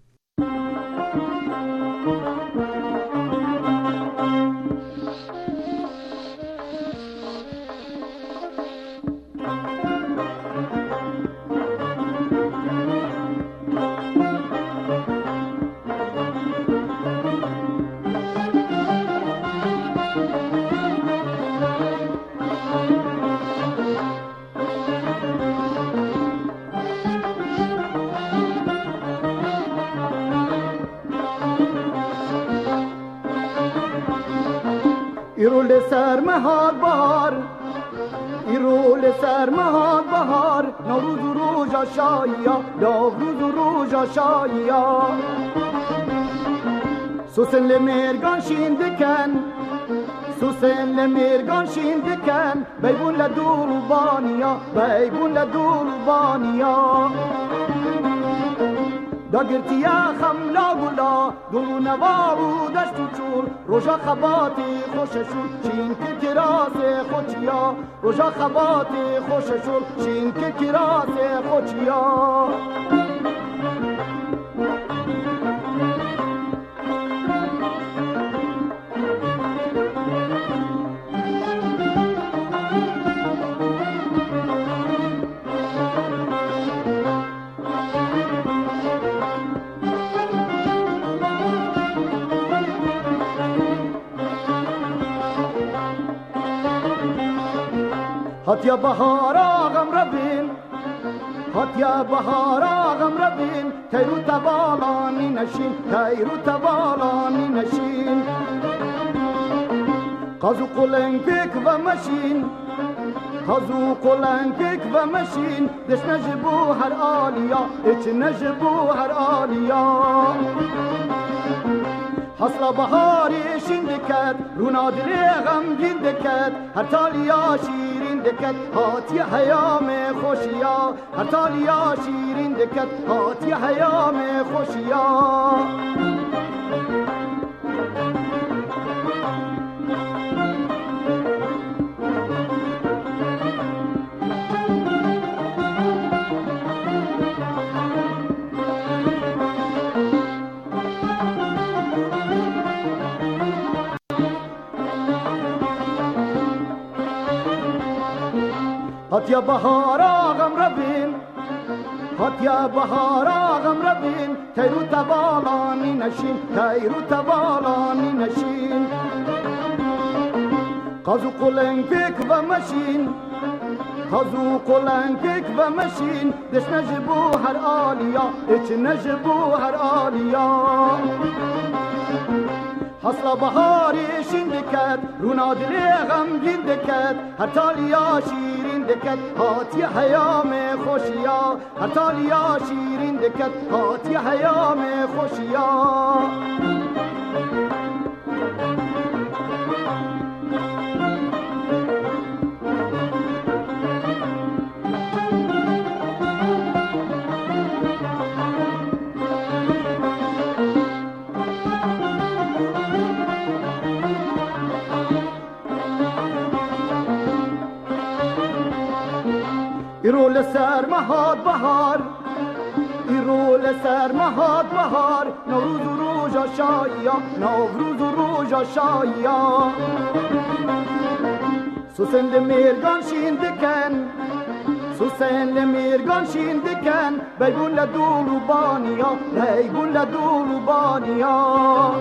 S11: دا شایا داوود و روژا شایا سوسن لمرگان شین کن سوسن لمرگان شینده کن بیبون لدور و بانیا بیبون لدور بانیا دا خملا گلا دلو نوا و دشت و چور روژا خباتی خوششون چین که کراس خوچیا روژا خباتی خوششون چین که کراس خوچیا هات یا بهار آغم ربین هات یا بهار آغم ربین تیرو تبالانی نشین تیرو تبالانی نشین قازو قلنگک و مشین قازو قلنگک و ماشین، دش نجبو هر آلیا اچ نجبو هر آلیا حصل بهاری شین دکت رونا دلی غمگین دکت هر تالیاشی دکت هاتی حیام خوشیا هر تالیا شیرین دکت هاتی حیام خوشیا هات بهارا غم آغم ربین هات یا بهار آغم ربین تیرو تبالانی نشین تیرو تبالانی نشین قازو قلنگ و مشین قازو قلنگ و مشین دش نجبو هر آلیا اچ نجبو هر آلیا حسلا بهاری شین دکت رونا دلی غم دکت هر تالیا شیری دکت هاتی حیام خوشیا هر تالیا شیرین دکت هاتی حیام خوشیا نهاد بهار ای رول سر نهاد بهار نوروز و روز شایا نوروز و روز شایا سوسند میرگان شینده کن سوسند میرگان شینده کن بیگون لدولو بانیا بیگون بانی بانیا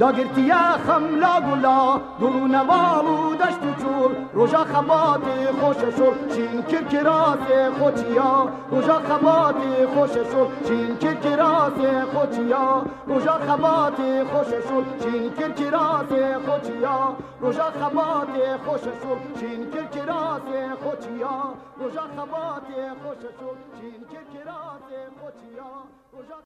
S11: دا گرتیا خملا گلا نوا نوامو دشت و چول روژا خبات خوش شد چین کرکرات خوچیا روژا خبات خوش شد چین کرکرات خوچیا روژا خبات خوش شد چین کرکرات خوچیا روژا خبات خوش شد چین کرکرات خوچیا روژا خبات خوش شد چین کرات خوچیا روژا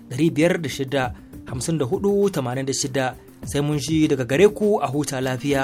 S1: 506 86 sai mun shi daga gare ku a huta lafiya.